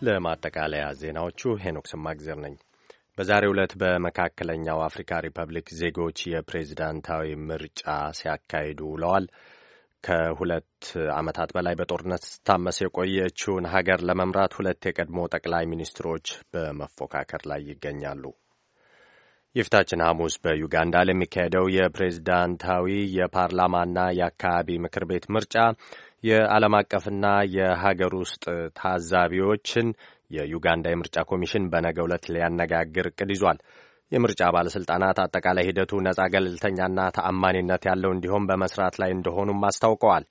ለማጠቃለያ ዜናዎቹ ሄኖክ ስማግዜር ነኝ። በዛሬው ዕለት በመካከለኛው አፍሪካ ሪፐብሊክ ዜጎች የፕሬዝዳንታዊ ምርጫ ሲያካሂዱ ውለዋል። ከሁለት ዓመታት በላይ በጦርነት ስታመስ የቆየችውን ሀገር ለመምራት ሁለት የቀድሞ ጠቅላይ ሚኒስትሮች በመፎካከር ላይ ይገኛሉ። የፊታችን ሐሙስ በዩጋንዳ ለሚካሄደው የፕሬዝዳንታዊ የፓርላማና የአካባቢ ምክር ቤት ምርጫ የዓለም አቀፍና የሀገር ውስጥ ታዛቢዎችን የዩጋንዳ የምርጫ ኮሚሽን በነገ ዕለት ሊያነጋግር እቅድ ይዟል። የምርጫ ባለሥልጣናት አጠቃላይ ሂደቱ ነጻ፣ ገለልተኛና ተአማኒነት ያለው እንዲሆን በመስራት ላይ እንደሆኑም አስታውቀዋል።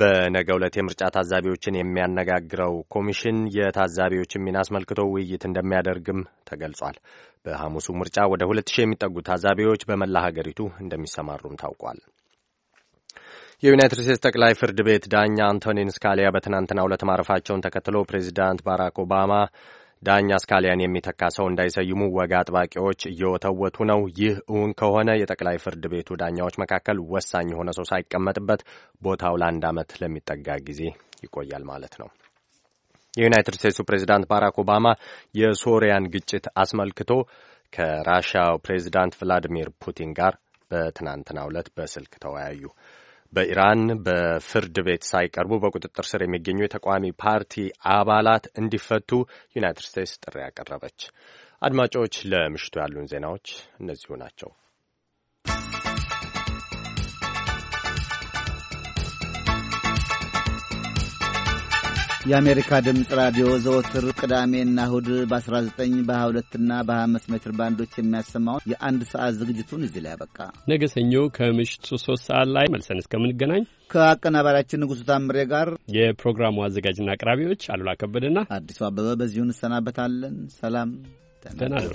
በነገ ዕለት የምርጫ ታዛቢዎችን የሚያነጋግረው ኮሚሽን የታዛቢዎችን ሚና አስመልክቶ ውይይት እንደሚያደርግም ተገልጿል። በሐሙሱ ምርጫ ወደ ሁለት ሺህ የሚጠጉ ታዛቢዎች በመላ ሀገሪቱ እንደሚሰማሩም ታውቋል። የዩናይትድ ስቴትስ ጠቅላይ ፍርድ ቤት ዳኛ አንቶኒን ስካሊያ በትናንትናው ዕለት ማረፋቸውን ተከትሎ ፕሬዚዳንት ባራክ ኦባማ ዳኛ ስካሊያን የሚተካ ሰው እንዳይሰይሙ ወግ አጥባቂዎች እየወተወቱ ነው። ይህ እውን ከሆነ የጠቅላይ ፍርድ ቤቱ ዳኛዎች መካከል ወሳኝ የሆነ ሰው ሳይቀመጥበት ቦታው ለአንድ ዓመት ለሚጠጋ ጊዜ ይቆያል ማለት ነው። የዩናይትድ ስቴትሱ ፕሬዚዳንት ባራክ ኦባማ የሶሪያን ግጭት አስመልክቶ ከራሽያው ፕሬዚዳንት ቭላዲሚር ፑቲን ጋር በትናንትናው ዕለት በስልክ ተወያዩ። በኢራን በፍርድ ቤት ሳይቀርቡ በቁጥጥር ስር የሚገኙ የተቃዋሚ ፓርቲ አባላት እንዲፈቱ ዩናይትድ ስቴትስ ጥሪ ያቀረበች። አድማጮች፣ ለምሽቱ ያሉን ዜናዎች እነዚሁ ናቸው። የአሜሪካ ድምፅ ራዲዮ ዘወትር ቅዳሜና እሁድ በ19 በ22ና በ25 ሜትር ባንዶች የሚያሰማውን የአንድ ሰዓት ዝግጅቱን እዚህ ላይ ያበቃ። ነገ ሰኞ ከምሽቱ ሶስት ሰዓት ላይ መልሰን እስከምንገናኝ ከአቀናባሪያችን ንጉሱ ታምሬ ጋር የፕሮግራሙ አዘጋጅና አቅራቢዎች አሉላ ከበደና አዲሱ አበበ በዚሁ እንሰናበታለን። ሰላም ተናደሩ።